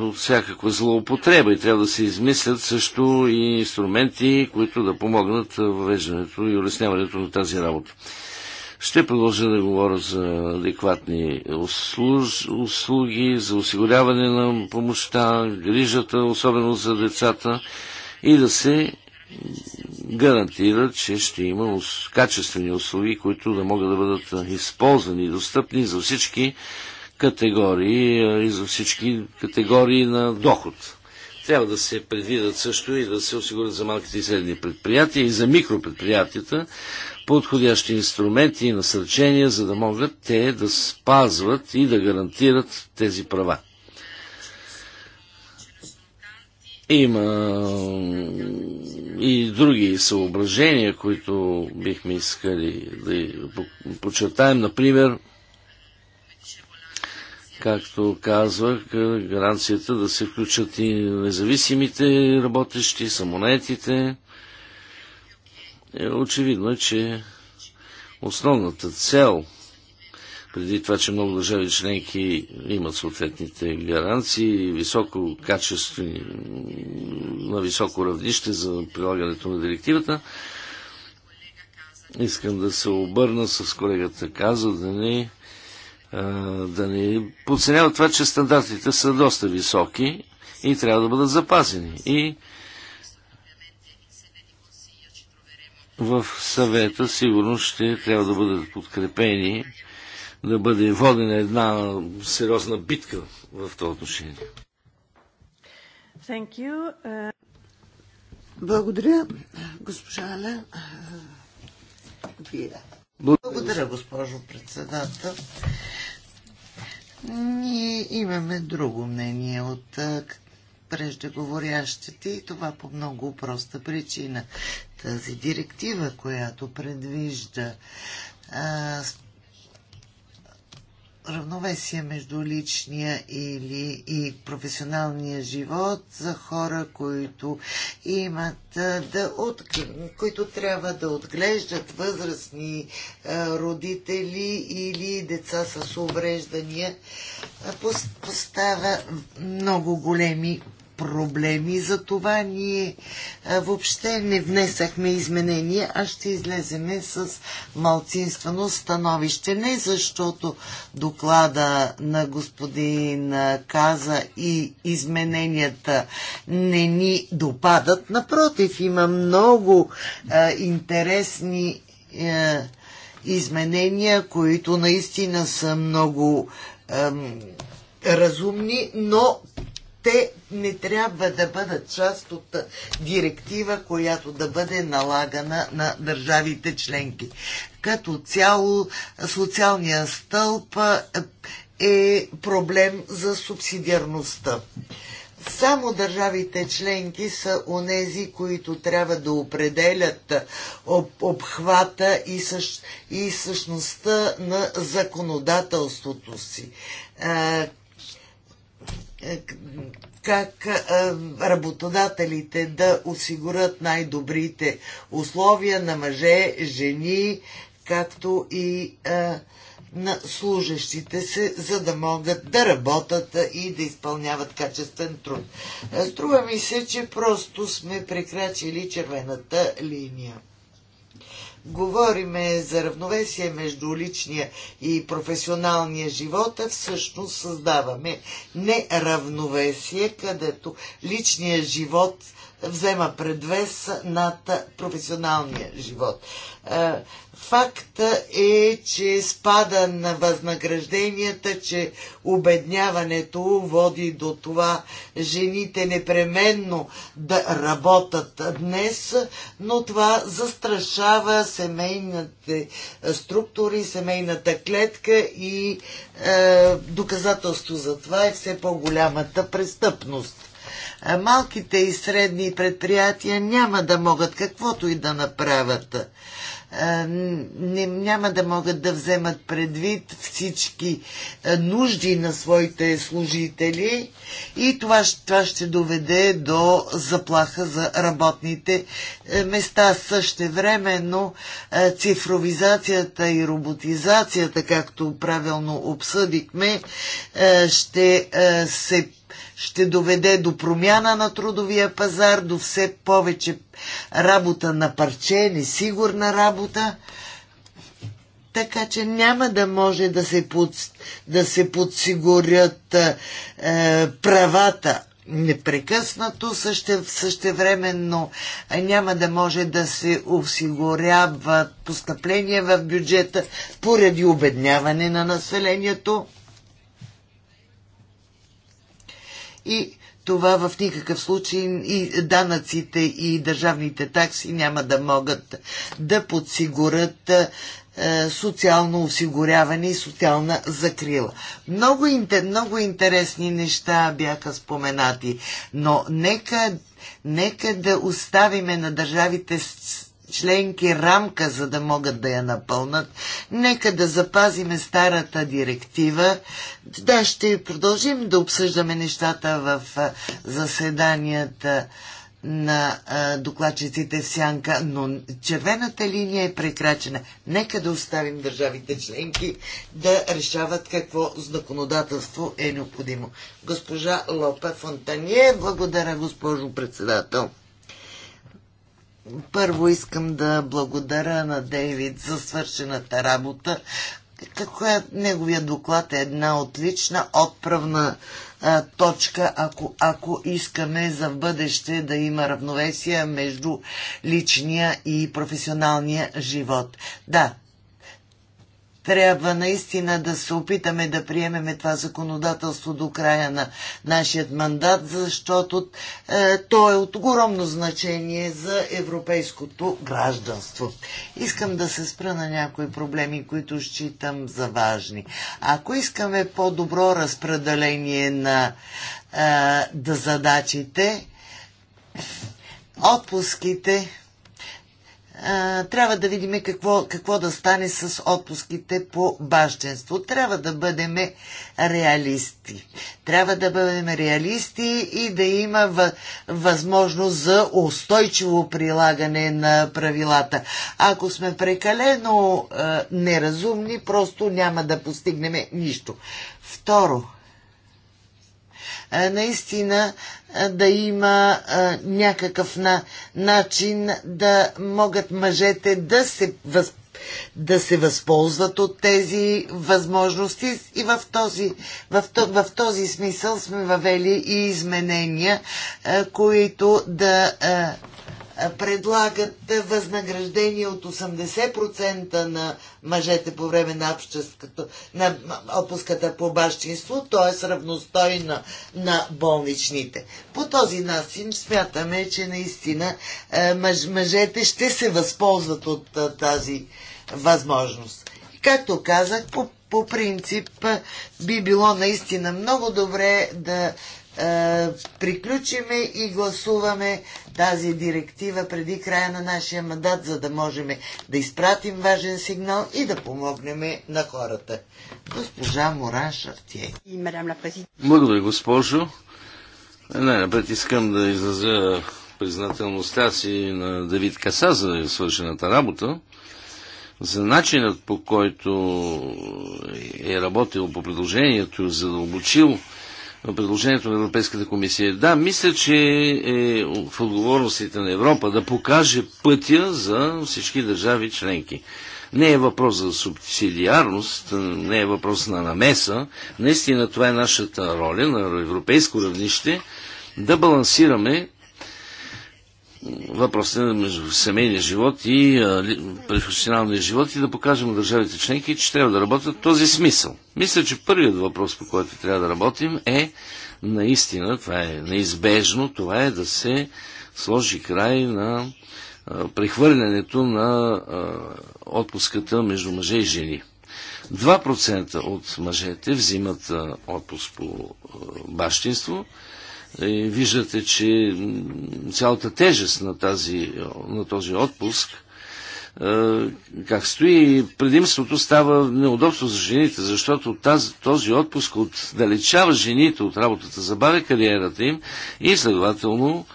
от всякаква злоупотреба и трябва да се измислят също и инструменти, които да помогнат въвеждането и улесняването на тази работа. Ще продължа да говоря за адекватни услуж, услуги, за осигуряване на помощта, грижата, особено за децата и да се гарантира, че ще има качествени услуги, които да могат да бъдат използвани и достъпни за всички категории и за всички категории на доход. Трябва да се предвидят също и да се осигурят за малките и средни предприятия и за микропредприятията подходящи инструменти и насърчения, за да могат те да спазват и да гарантират тези права. Има и други съображения, които бихме искали да подчертаем. Например, както казвах, гаранцията да се включат и независимите работещи, самонетите. Е, очевидно е, че основната цел – преди това, че много държави членки имат съответните гаранции, високо качество на високо равнище за прилагането на директивата. Искам да се обърна с колегата Каза да не, да не подценява това, че стандартите са доста високи и трябва да бъдат запазени. И в съвета сигурно ще трябва да бъдат подкрепени да бъде водена една сериозна битка в това отношение. Thank you. Uh... Благодаря, госпожа Аля. Благодаря, госпожо председател. Ние имаме друго мнение от преждеговорящите и това по много проста причина. Тази директива, която предвижда а, равновесие между личния или и професионалния живот за хора, които имат да от, които трябва да отглеждат възрастни родители или деца с увреждания, поставя много големи проблеми. За това ние въобще не внесахме изменения, а ще излеземе с малцинствено становище. Не защото доклада на господин Каза и измененията не ни допадат. Напротив, има много а, интересни а, изменения, които наистина са много а, разумни, но те не трябва да бъдат част от директива, която да бъде налагана на държавите членки. Като цяло социалния стълб е проблем за субсидиарността. Само държавите членки са онези, които трябва да определят об, обхвата и, същ, и същността на законодателството си как е, работодателите да осигурят най-добрите условия на мъже, жени, както и е, на служащите се, за да могат да работят и да изпълняват качествен труд. Е, струва ми се, че просто сме прекрачили червената линия говориме за равновесие между личния и професионалния живот, а всъщност създаваме неравновесие, където личният живот взема предвес над професионалния живот. Е, факт е, че спада на възнагражденията, че обедняването води до това жените непременно да работят днес, но това застрашава семейните структури, семейната клетка и е, доказателство за това е все по-голямата престъпност малките и средни предприятия няма да могат каквото и да направят. Няма да могат да вземат предвид всички нужди на своите служители и това, това ще доведе до заплаха за работните места. Същевременно цифровизацията и роботизацията, както правилно обсъдихме, ще се ще доведе до промяна на трудовия пазар, до все повече работа на парче, несигурна работа. Така че няма да може да се, под, да се подсигурят е, правата непрекъснато, също, същевременно е, няма да може да се осигуряват постъпления в бюджета поради обедняване на населението. и това в никакъв случай и данъците и държавните такси няма да могат да подсигурят е, е, социално осигуряване и социална закрила. Много, много интересни неща бяха споменати, но нека, нека да оставиме на държавите членки рамка, за да могат да я напълнат. Нека да запазиме старата директива. Да, ще продължим да обсъждаме нещата в заседанията на докладчиците в сянка, но червената линия е прекрачена. Нека да оставим държавите членки да решават какво законодателство е необходимо. Госпожа Лопа Фонтание, благодаря госпожо председател. Първо искам да благодаря на Дейвид за свършената работа. е неговия доклад е една отлична отправна а, точка, ако, ако искаме за в бъдеще да има равновесие между личния и професионалния живот. Да, трябва наистина да се опитаме да приемеме това законодателство до края на нашия мандат, защото е, то е от огромно значение за европейското гражданство. Искам да се спра на някои проблеми, които считам за важни. Ако искаме по-добро разпределение на е, да задачите, отпуските а, трябва да видим какво, какво да стане с отпуските по бащенство. Трябва да бъдем реалисти. Трябва да бъдем реалисти и да има възможност за устойчиво прилагане на правилата. Ако сме прекалено а, неразумни, просто няма да постигнем нищо. Второ, наистина да има а, някакъв на, начин да могат мъжете да се, въз, да се възползват от тези възможности и в този, в, в този смисъл сме въвели и изменения, а, които да а, предлагат възнаграждение от 80% на мъжете по време на, на отпуската по бащинство, т.е. равностойна на болничните. По този начин смятаме, че наистина мъж, мъжете ще се възползват от тази възможност. Както казах, по, по принцип би било наистина много добре да е, приключиме и гласуваме тази директива преди края на нашия мандат, за да можем да изпратим важен сигнал и да помогнем на хората. Госпожа Моран Шартие. Благодаря, госпожо. Най-напред искам да изразя признателността си на Давид Каса за свършената работа, за начинът по който е работил по предложението, задълбочил да предложението на Европейската комисия. Да, мисля, че е в отговорностите на Европа да покаже пътя за всички държави членки. Не е въпрос за субсидиарност, не е въпрос на намеса. Наистина това е нашата роля на европейско равнище да балансираме въпросите на семейния живот и професионалния живот и да покажем на държавите членки, че трябва да работят в този смисъл. Мисля, че първият въпрос, по който трябва да работим е наистина, това е неизбежно, това е да се сложи край на а, прехвърлянето на а, отпуската между мъже и жени. 2% от мъжете взимат а, отпуск по бащинство, и е, виждате, че цялата тежест на, тази, на този отпуск е, как стои предимството става неудобство за жените, защото тази, този отпуск отдалечава жените от работата, забавя кариерата им и следователно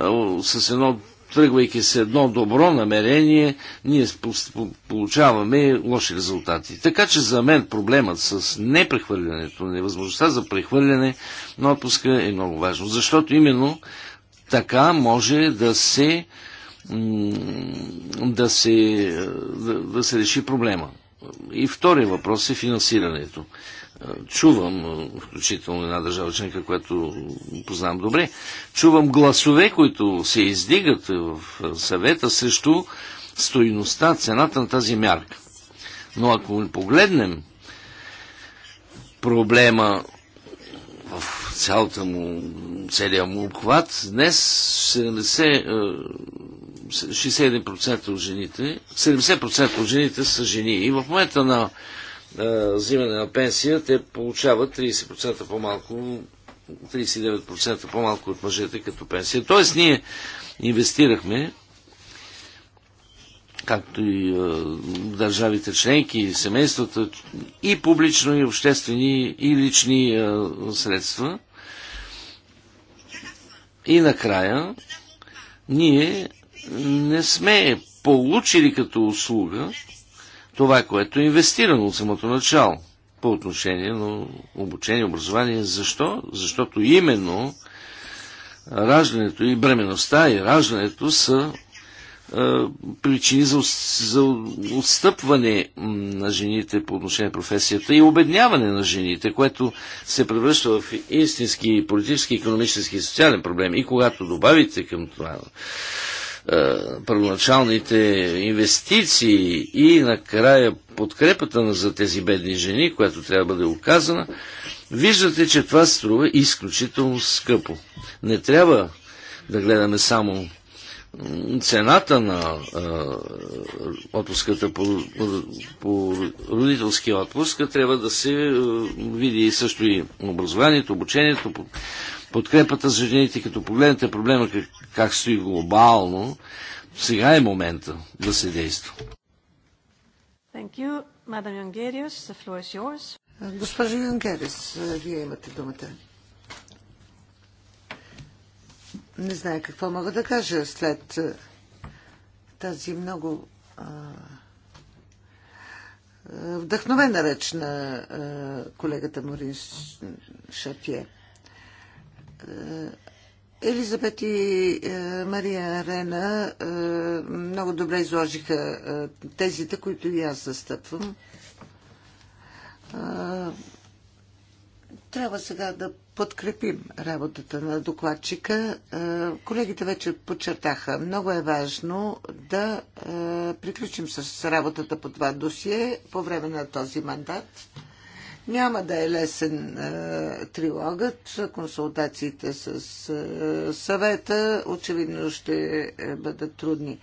е, с едно тръгвайки с едно добро намерение, ние получаваме лоши резултати. Така че за мен проблемът с непрехвърлянето, невъзможността за прехвърляне на отпуска е много важно, защото именно така може да се да се, да, да се реши проблема. И втория въпрос е финансирането чувам, включително една държава членка, която познавам добре, чувам гласове, които се издигат в съвета срещу стоиността, цената на тази мярка. Но ако погледнем проблема в цялата му, целия му обхват, днес 70, 61% е, от жените, 70% от жените са жени. И в момента на взимане на пенсия, те получават 30% по-малко, 39% по-малко от мъжете като пенсия. Тоест ние инвестирахме, както и държавите членки, семействата, и публично, и обществени, и лични средства. И накрая, ние не сме получили като услуга това, което е инвестирано от самото начало по отношение на обучение, образование. Защо? Защото именно раждането и бременността и раждането са причини за, за отстъпване на жените по отношение на професията и обедняване на жените, което се превръща в истински политически, економически и социален проблем. И когато добавите към това е, първоначалните инвестиции и накрая подкрепата за тези бедни жени, която трябва да бъде оказана, виждате, че това струва изключително скъпо. Не трябва да гледаме само цената на а, е, отпуската по, по, по родителски отпуск трябва да се а, е, види също и образованието, обучението, по, подкрепата за жените, като погледнете проблема как, как стои глобално, сега е момента да се действа. Thank you. Madam the floor is yours. Госпожо Юнгерис, вие имате думата. Не знае какво мога да кажа след тази много а, вдъхновена реч на а, колегата Морин Шапие. Елизабет и е, Мария Арена е, много добре изложиха е, тезите, които и аз застъпвам. Трябва сега да подкрепим работата на докладчика. Колегите вече подчертаха, много е важно да приключим с работата по това досие по време на този мандат. Няма да е лесен е, трилогът, консултациите с е, съвета очевидно ще е, бъдат трудни.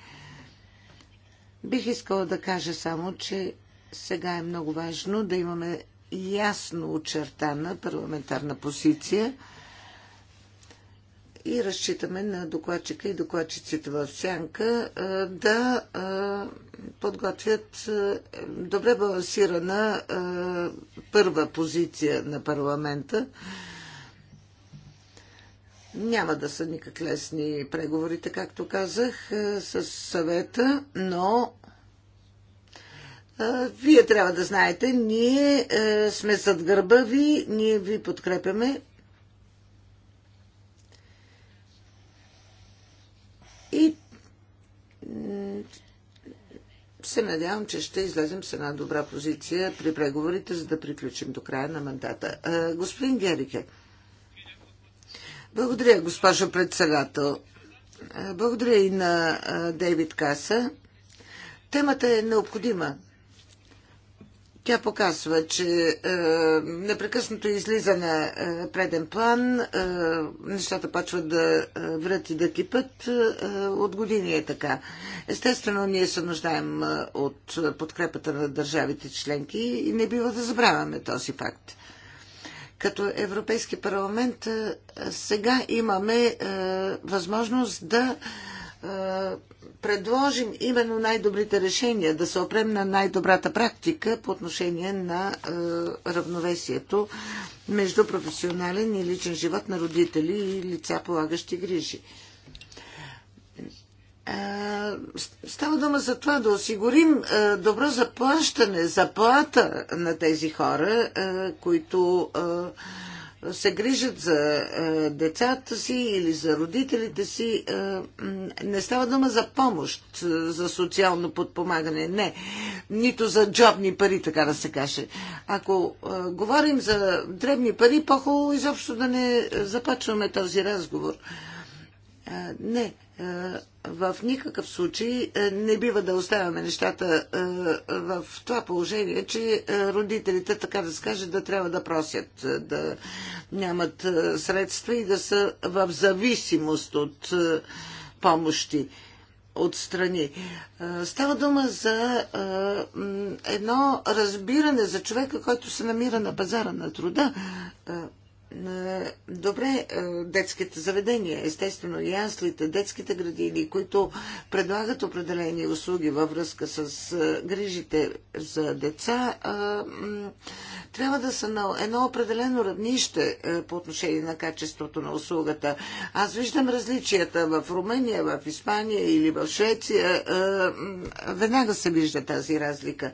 Бих искала да кажа само, че сега е много важно да имаме ясно очертана парламентарна позиция и разчитаме на докладчика и докладчиците в сянка да подготвят добре балансирана първа позиция на парламента. Няма да са никак лесни преговорите, както казах, с съвета, но вие трябва да знаете, ние сме зад гърба ви, ние ви подкрепяме И е, се надявам, че ще излезем с една добра позиция при преговорите, за да приключим до края на мандата. Е, господин Герике. Благодаря, госпожо председател. Е, благодаря и на Дейвид Каса. Темата е необходима. Тя показва, че е, непрекъснато излиза на е, преден план, е, нещата почват да е, врат и да кипат. Е, от години е така. Естествено, ние се нуждаем е, от подкрепата на държавите членки и не бива да забравяме този факт. Като Европейски парламент е, сега имаме е, възможност да. Е, предложим именно най-добрите решения, да се опрем на най-добрата практика по отношение на е, равновесието между професионален и личен живот на родители и лица полагащи грижи. Е, става дума за това да осигурим е, добро заплащане, заплата на тези хора, е, които се грижат за е, децата си или за родителите си. Е, не става дума за помощ, е, за социално подпомагане, не. Нито за джобни пари, така да се каже. Ако говорим за дребни пари, по-хубаво изобщо да не започваме този разговор. Не, в никакъв случай не бива да оставяме нещата в това положение, че родителите, така да скажат да трябва да просят, да нямат средства и да са в зависимост от помощи от страни. Става дума за едно разбиране за човека, който се намира на пазара на труда Добре, е, детските заведения, естествено яслите, детските градини, които предлагат определени услуги във връзка с е, грижите за деца, е, трябва да са на едно определено равнище по отношение на качеството на услугата. Аз виждам различията в Румъния, в Испания или в Швеция. Веднага се вижда тази разлика.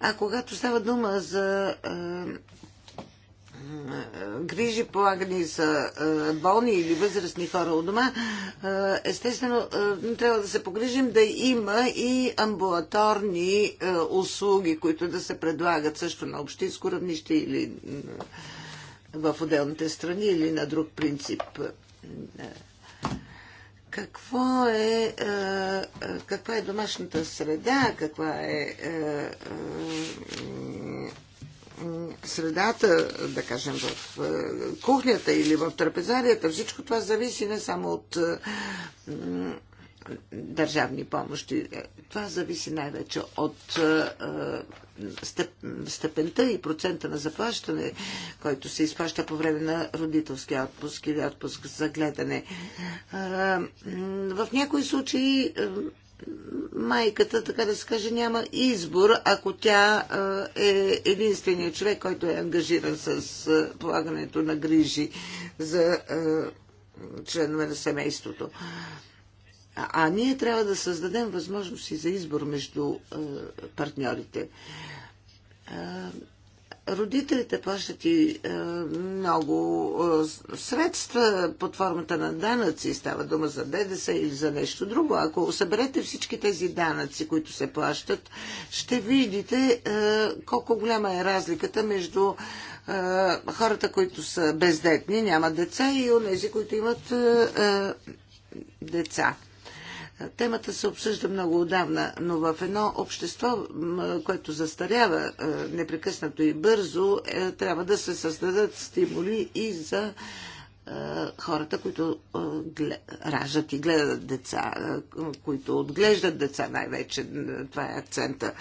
А когато става дума за грижи полагани за болни или възрастни хора у дома, естествено трябва да се погрижим да има и амбулаторни услуги, които да се предлагат също на общинско равнище или в отделните страни или на друг принцип. Какво е, каква е домашната среда, каква е средата, да кажем в е, кухнята или в трапезарията, всичко това зависи не само от е, държавни помощи. Е, това зависи най-вече от степента и процента на заплащане, който се изплаща по време на родителския отпуск или отпуск за гледане. В някои случаи майката, така да се каже, няма избор, ако тя е, е единственият човек, който е ангажиран с е, полагането на грижи за е, членове на семейството. А, а ние трябва да създадем възможности за избор между партньорите родителите плащат и е, много е, средства под формата на данъци. Става дума за ДДС или за нещо друго. Ако съберете всички тези данъци, които се плащат, ще видите е, колко голяма е разликата между хората, които са бездетни, нямат деца и онези, които имат деца. Темата се обсъжда много отдавна, но в едно общество, което застарява е, непрекъснато и бързо, е, трябва да се създадат стимули и за е, хората, които раждат и гледат деца, които отглеждат деца най-вече. Това е акцента.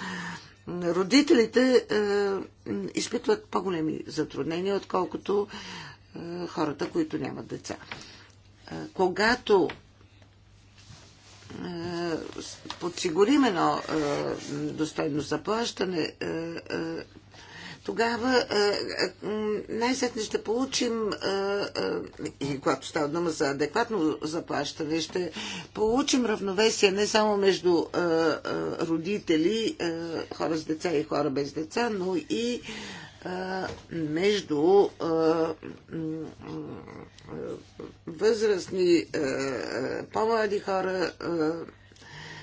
Родителите изпитват по-големи затруднения, отколкото хората, които нямат деца. Когато е, подсигурим едно е, достойно заплащане, е, тогава най-сетне ще получим, и когато става дума за адекватно заплащане, ще получим равновесие не само между родители, хора с деца и хора без деца, но и между възрастни, по-млади хора,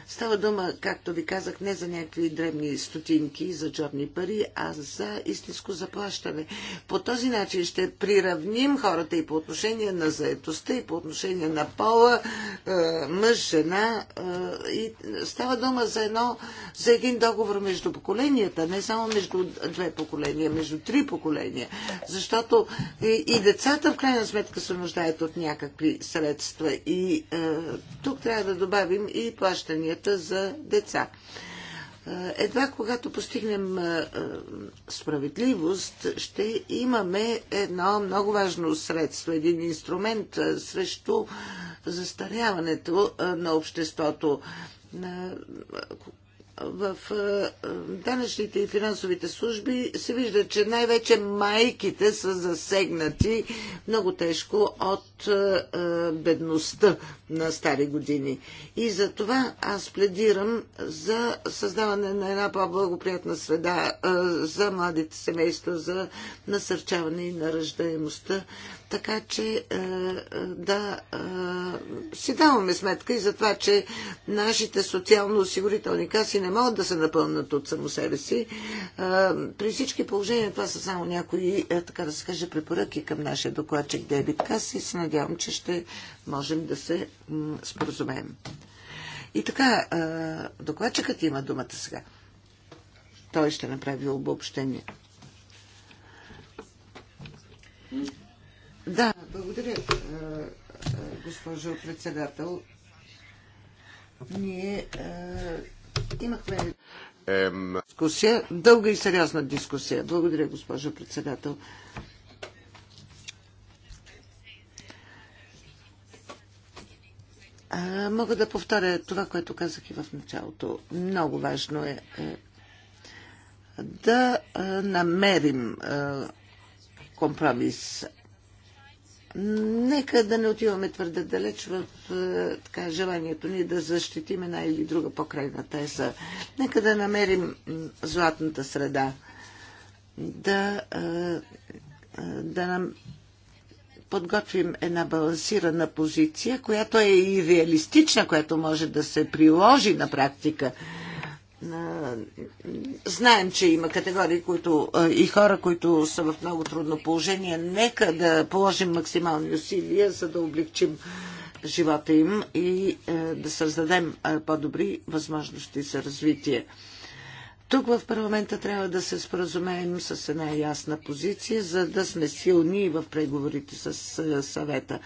Става дума, както ви казах, не за някакви дребни стотинки за джобни пари, а за истинско заплащане. По този начин ще приравним хората и по отношение на заетостта, и по отношение на пола, е, мъж, жена. Е, и става дума за, едно, за един договор между поколенията, не само между две поколения, между три поколения. Защото и децата в крайна сметка се нуждаят от някакви средства. И е, тук трябва да добавим и плащания книгата за деца. Е, едва когато постигнем е, е, справедливост, ще имаме едно много важно средство, един инструмент срещу застаряването на обществото. В данъчните и финансовите служби се вижда, че най-вече майките са засегнати много тежко от от е, е, бедността на стари години. И за това аз пледирам за създаване на една по-благоприятна среда е, за младите семейства, за насърчаване и на ръждаемостта. Така че да си даваме сметка и за това, че нашите социално-осигурителни каси не могат да се напълнат от само себе си. При всички положения това са само някои, така да се каже, препоръки към нашия докладчик Дебит Каси надявам, че ще можем да се споразумеем. И така, докладчикът има думата сега. Той ще направи обобщение. Да, благодаря, госпожо председател. Ние имахме дискусия, дълга и сериозна дискусия. Благодаря, госпожо председател. А, мога да повторя това, което казах и в началото. Много важно е, е да е, намерим е, компромис. Нека да не отиваме твърде далеч в е, така, желанието ни да защитим една или друга покрайна теза. Нека да намерим златната среда. Да, е, е да нам подготвим една балансирана позиция, която е и реалистична, която може да се приложи на практика. Знаем, че има категории които, и хора, които са в много трудно положение. Нека да положим максимални усилия, за да облегчим живота им и да създадем по-добри възможности за развитие. Тук в парламента трябва да се споразумеем с една ясна позиция, за да сме силни в преговорите с съвета.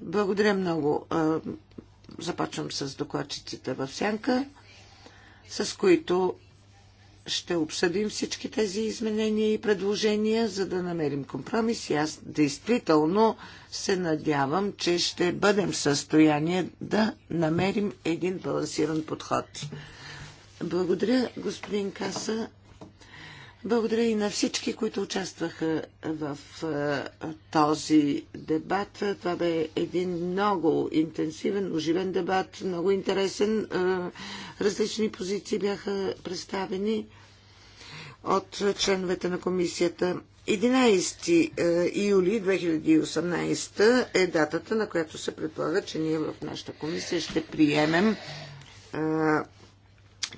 Благодаря много. Започвам с докладчиците в сянка, с които ще обсъдим всички тези изменения и предложения, за да намерим компромис. И аз действително се надявам, че ще бъдем в състояние да намерим един балансиран подход. Благодаря, господин Каса. Благодаря и на всички, които участваха в този дебат. Това бе един много интенсивен, оживен дебат, много интересен. Различни позиции бяха представени от членовете на комисията. 11 юли 2018 е датата, на която се предполага, че ние в нашата комисия ще приемем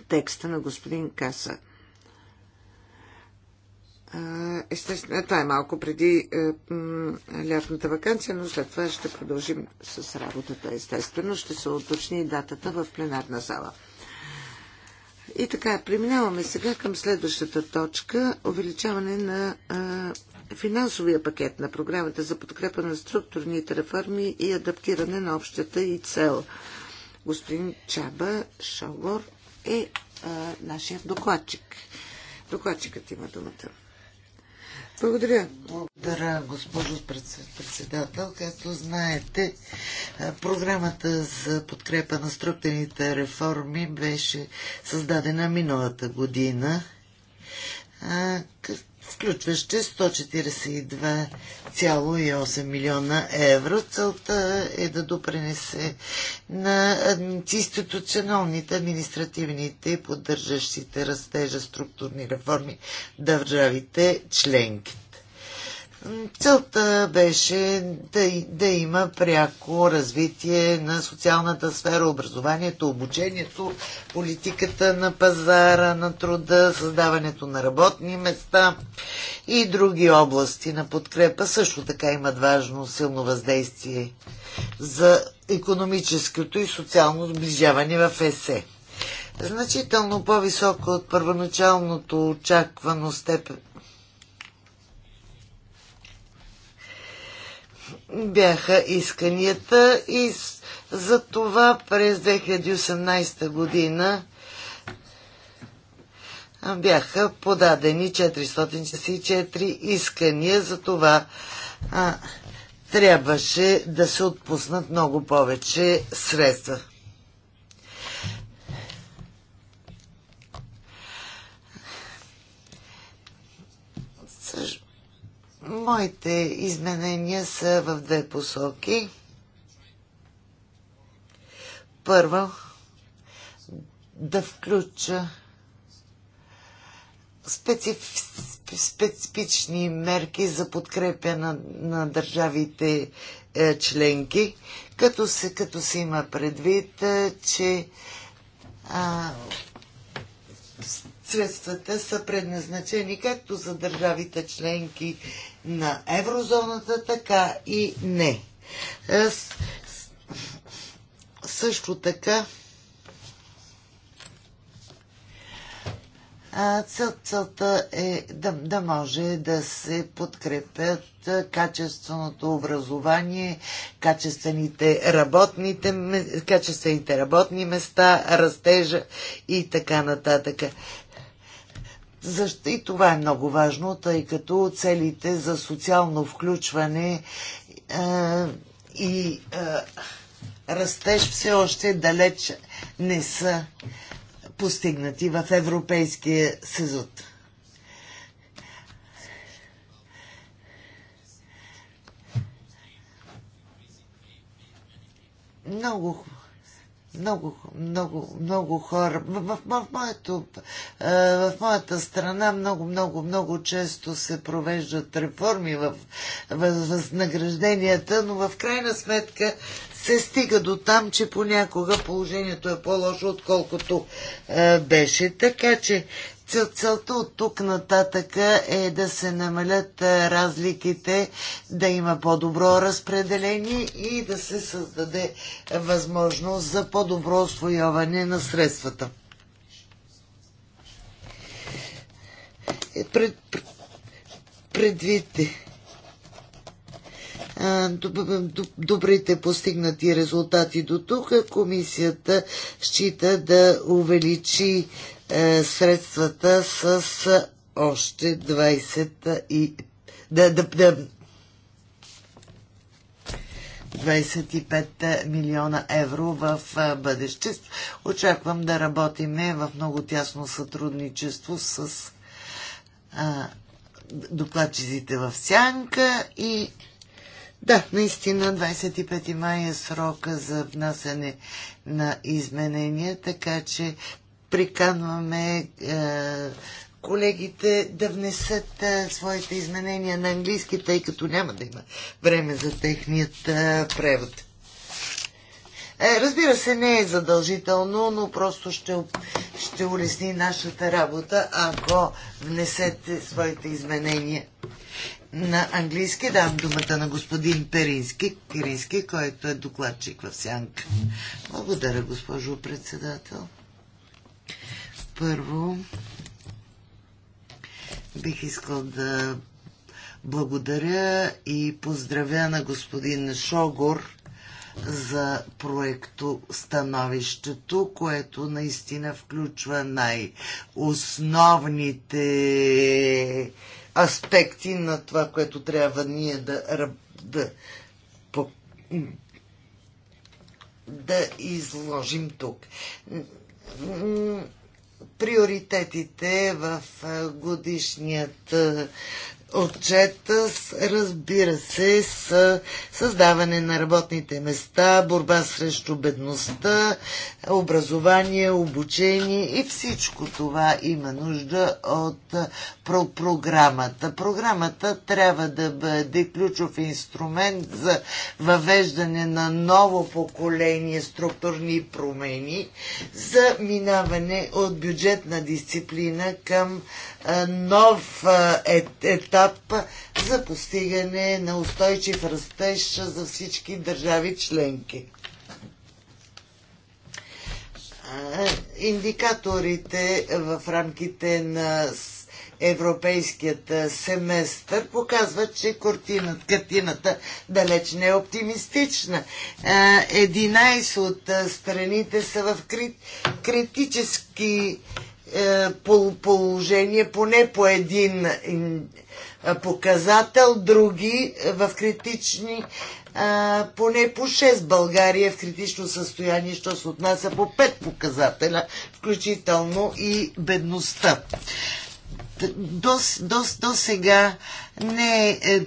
текста на господин Каса. Естествено, това е малко преди е, лятната вакансия, но след това ще продължим с работата. Естествено, ще се уточни датата в пленарна зала. И така, преминаваме сега към следващата точка увеличаване на а, финансовия пакет на програмата за подкрепа на структурните реформи и адаптиране на общата и цел. Господин Чаба Шогор е а, нашия докладчик. Докладчикът има думата. Благодаря. Благодаря, госпожо председател. Както знаете, програмата за подкрепа на структурните реформи беше създадена миналата година включващи 142,8 милиона евро. Целта е да допринесе на институционалните, административните и поддържащите растежа структурни реформи държавите членки. Целта беше да, да има пряко развитие на социалната сфера, образованието, обучението, политиката на пазара, на труда, създаването на работни места и други области на подкрепа също така имат важно силно въздействие за економическото и социално сближаване в ЕСЕ. Значително по-високо от първоначалното очаквано степен бяха исканията и за това през 2018 година бяха подадени 464 искания, за това а, трябваше да се отпуснат много повече средства. Моите изменения са в две посоки. Първо, да включа специфични мерки за подкрепя на, на държавите е, членки, като се, като се има предвид, е, че а, средствата са предназначени както за държавите членки на еврозоната, така и не. Е, също така целта е да, да може да се подкрепят е, качественото образование, качествените, работните, качествените работни места, растежа и така нататък. Защо и това е много важно, тъй като целите за социално включване е, и е, растеж все още далеч не са постигнати в Европейския съюз. Много хубаво много, много, много хора. В, в, в, моето, е, в моята страна много, много, много често се провеждат реформи в, в възнагражденията, но в крайна сметка се стига до там, че понякога положението е по-лошо, отколкото е, беше. Така че Цел, целта от тук нататък е да се намалят разликите, да има по-добро разпределение и да се създаде възможност за по-добро освояване на средствата. Е, пред, предвидте предвид е, добрите постигнати резултати до тук, комисията счита да увеличи е, средствата с още 20 и... Да, да, да, 25 милиона евро в е, бъдеще. Очаквам да работиме в много тясно сътрудничество с а, е, докладчиците в Сянка и да, наистина 25 май е срока за внасяне на изменения, така че приканваме е, колегите да внесат е, своите изменения на английски, тъй като няма да има време за техният е, превод. Разбира се, не е задължително, но просто ще, ще улесни нашата работа, ако внесете своите изменения на английски. Дам думата на господин Перински, Кирински, който е докладчик в Сянка. Благодаря, госпожо председател. Първо, бих искал да благодаря и поздравя на господин Шогор за проекто становището, което наистина включва най-основните аспекти на това, което трябва ние да, да, да изложим тук приоритетите в годишният отчета, разбира се, с създаване на работните места, борба срещу бедността, образование, обучение и всичко това има нужда от про програмата. Програмата трябва да бъде ключов инструмент за въвеждане на ново поколение структурни промени за минаване от бюджетна дисциплина към нов етап етап за постигане на устойчив растеж за всички държави членки. Индикаторите в рамките на европейският семестър показва, че картината, картината далеч не е оптимистична. 11 от страните са в критически е, положение, поне по един показател, други в критични а, поне по 6 България е в критично състояние, що се отнася по 5 показателя, включително и бедността. До, до, до сега не, е,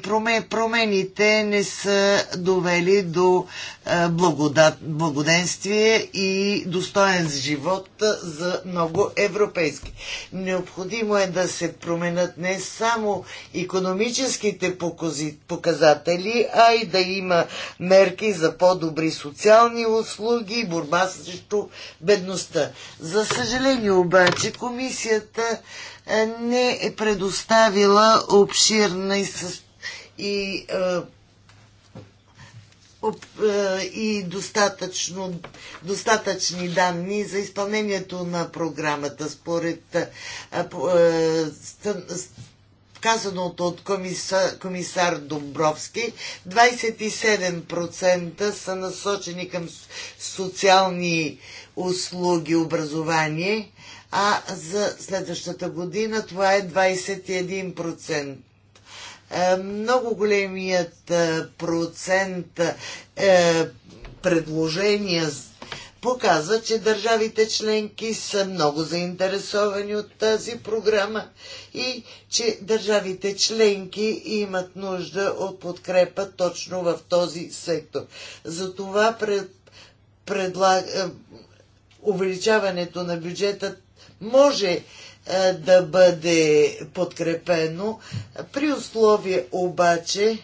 промените не са довели до е, благодат, благоденствие и достоен живот за много европейски. Необходимо е да се променят не само економическите показатели, а и да има мерки за по-добри социални услуги и борба срещу бедността. За съжаление обаче комисията не е предоставила обширна и, и, е, е, и достатъчно, достатъчни данни за изпълнението на програмата. Според е, казаното от комисар, комисар Домбровски, 27% са насочени към социални услуги, образование а за следващата година това е 21%. Е, много големият е, процент е, предложения показва, че държавите членки са много заинтересовани от тази програма и че държавите членки имат нужда от подкрепа точно в този сектор. Затова пред, предла, увеличаването на бюджета може е, да бъде подкрепено, при условие обаче,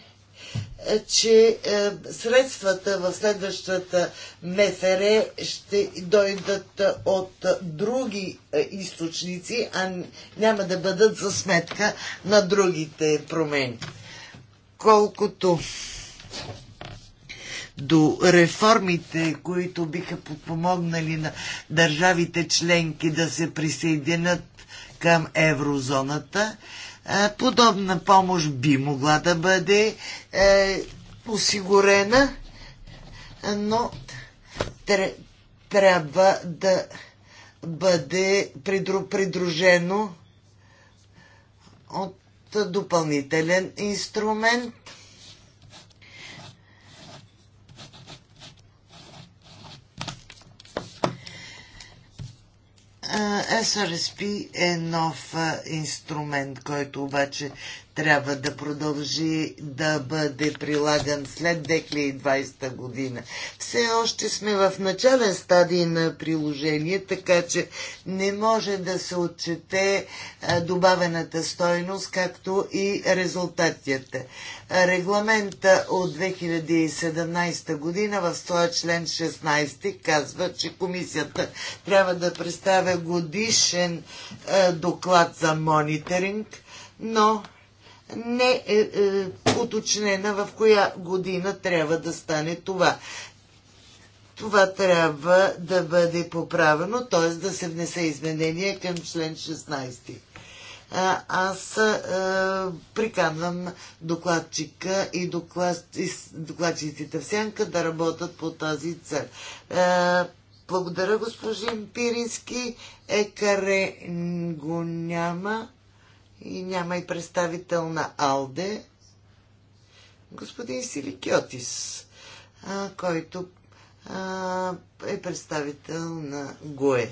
е, че е, средствата в следващата МФР ще дойдат от други източници, а няма да бъдат за сметка на другите промени. Колкото до реформите, които биха подпомогнали на държавите членки да се присъединят към еврозоната. Подобна помощ би могла да бъде е, осигурена, но трябва да бъде придружено от допълнителен инструмент – SRSP е нов инструмент, който обаче трябва да продължи да бъде прилаган след 2020 година. Все още сме в начален стадий на приложение, така че не може да се отчете добавената стойност, както и резултатите. Регламента от 2017 година в своя член 16 казва, че комисията трябва да представя годишен доклад за мониторинг, но не е, е уточнена в коя година трябва да стане това. Това трябва да бъде поправено, т.е. да се внесе изменение към член 16. А, аз а, е, приканвам докладчика и, доклад, и докладчиците в сянка да работят по тази цел. А, е, благодаря, госпожин Пирински. Екаре го няма и няма и представител на Алде, господин Силикиотис, а, който а, е представител на ГОЕ.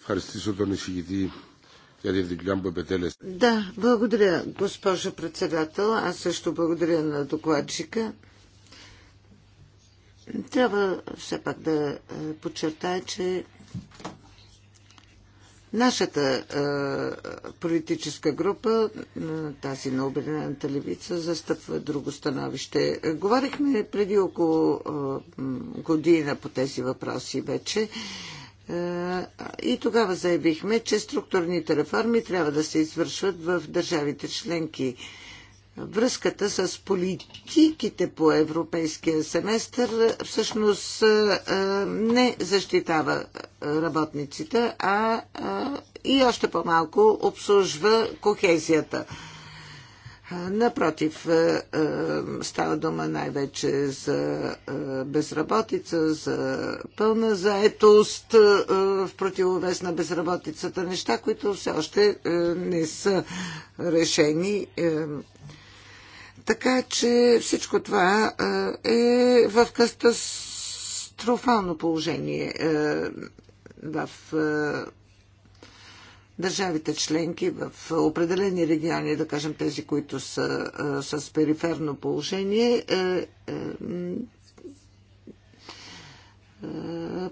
Ευχαριστήσω τον εισηγητή да, благодаря, госпожо председател. Аз също благодаря на докладчика. Трябва все пак да е, подчертая, че Нашата а, е, политическа група, е, тази на Обединената левица, застъпва друго становище. Говорихме преди около а, е, година по тези въпроси вече. И тогава заявихме, че структурните реформи трябва да се извършват в държавите членки връзката с политиките по европейския семестър всъщност не защитава работниците, а и още по-малко обслужва кохезията. Напротив, става дума най-вече за безработица, за пълна заетост в противовес на безработицата, неща, които все още не са решени така че всичко това е в катастрофално положение в държавите членки в определени региони, да кажем тези, които са с периферно положение, е, е,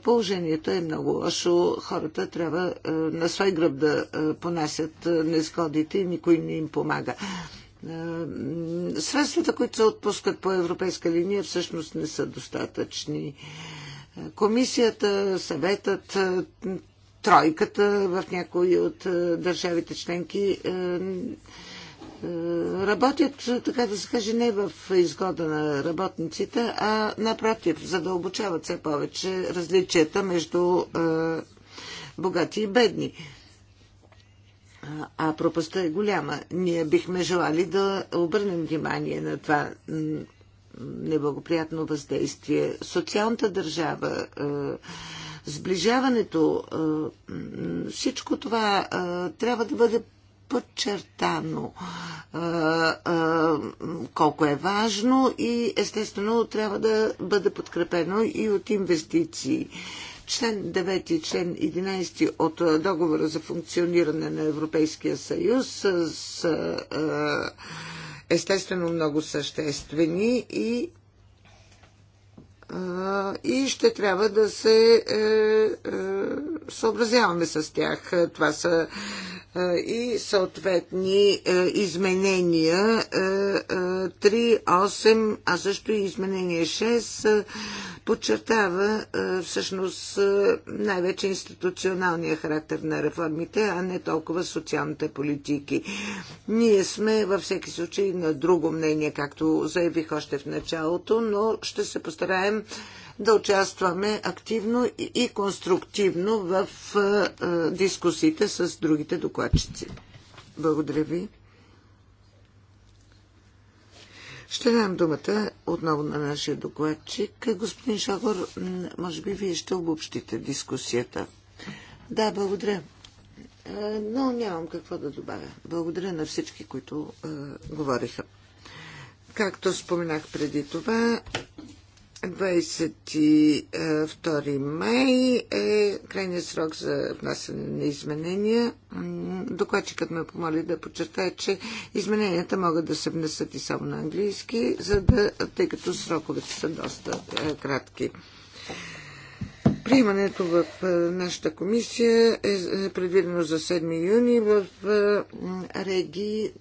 положението е много лошо. Хората трябва на свой гръб да понасят незгодите и никой не им помага. Е, средствата, които се отпускат по европейска линия, всъщност не са достатъчни. Е, комисията, съветът, е, тройката в някои от държавите членки работят, така да се каже, не в изгода на работниците, а напротив, задълбочават все повече различията между богати и бедни. А пропаста е голяма. Ние бихме желали да обърнем внимание на това неблагоприятно въздействие. Социалната държава, е, сближаването, е, всичко това е, трябва да бъде подчертано колко е важно и естествено трябва да бъде подкрепено и от инвестиции. Член 9 и член 11 от договора за функциониране на Европейския съюз са естествено много съществени и и ще трябва да се е, е, съобразяваме с тях. Това са е, и съответни изменения 3, 8, а също и изменение 6 подчертава всъщност най-вече институционалния характер на реформите, а не толкова социалните политики. Ние сме във всеки случай на друго мнение, както заявих още в началото, но ще се постараем да участваме активно и конструктивно в дискусиите с другите докладчици. Благодаря ви. Ще дам думата отново на нашия докладчик. Господин Шагор, може би вие ще обобщите дискусията. Да, благодаря. Но нямам какво да добавя. Благодаря на всички, които говориха. Както споменах преди това, 22 е, май е крайният срок за внасяне на изменения. Докладчикът ме помоли да подчертая, че измененията могат да се внесат и само на английски, за да, тъй като сроковете са доста е, кратки. Приемането в е, нашата комисия е, е предвидено за 7 юни. В Реги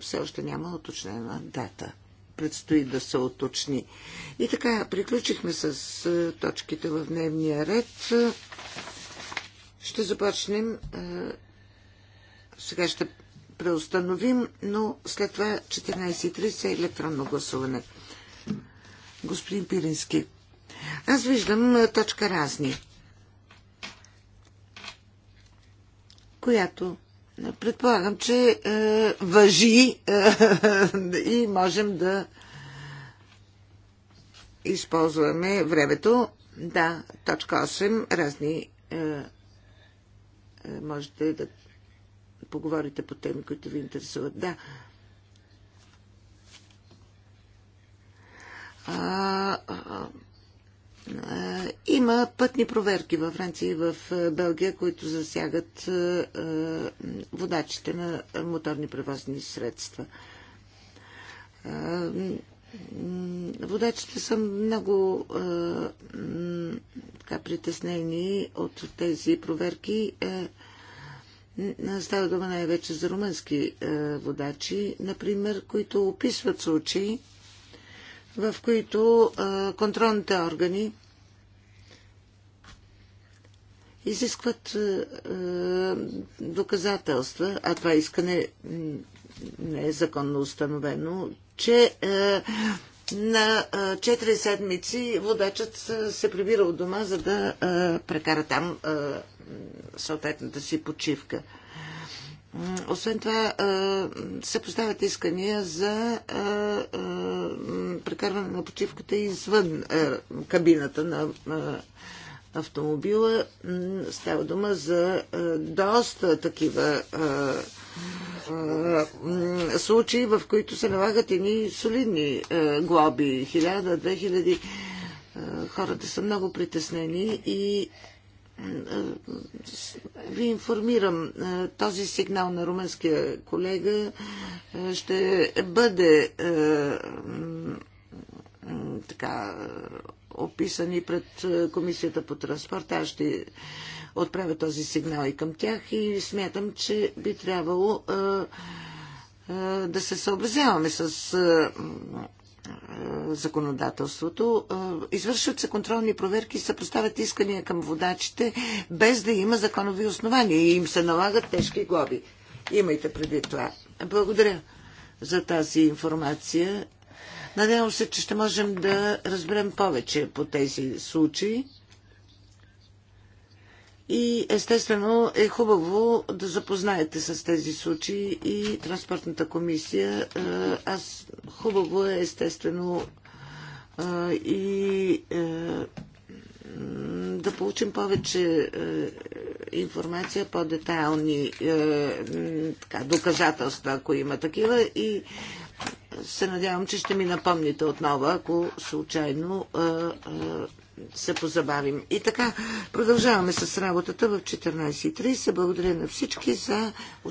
все още няма уточнена дата предстои да се оточни. И така, приключихме с е, точките в дневния ред. Ще започнем. Е, сега ще преустановим, но след това 14.30 е електронно гласуване. Господин Пирински, аз виждам е, точка разни, която Предполагам, че е, въжи е, (laughs) и можем да използваме времето. Да, точка 8, разни. Е, е, можете да поговорите по теми, които ви интересуват. Да. А, а, има пътни проверки във Франция и в Белгия, които засягат водачите на моторни превозни средства. Водачите са много така, притеснени от тези проверки. Става дума най-вече за румънски водачи, например, които описват случаи, в които контролните органи изискват доказателства, а това искане не е законно установено, че на 4 седмици водачът се прибира от дома, за да прекара там съответната си почивка. Освен това се поставят искания за прекарване на почивката извън кабината на автомобила. Става дума за доста такива случаи, в които се налагат и солидни глоби. 1000-2000 хората са много притеснени и ви информирам, е, този сигнал на румънския колега е, ще бъде е, така описан и пред Комисията по транспорт. Аз ще отправя този сигнал и към тях и смятам, че би трябвало да се съобразяваме с законодателството. Извършват се контролни проверки и се поставят искания към водачите, без да има законови основания и им се налагат тежки глоби. Имайте преди това. Благодаря за тази информация. Надявам се, че ще можем да разберем повече по тези случаи. И естествено е хубаво да запознаете с тези случаи и Транспортната комисия. Е, аз хубаво е естествено е, и е, да получим повече информация, по-детайлни доказателства, ако има такива и се надявам, че ще ми напомните отново, ако случайно се позабавим. И така, продължаваме с работата в 14.30. Благодаря на всички за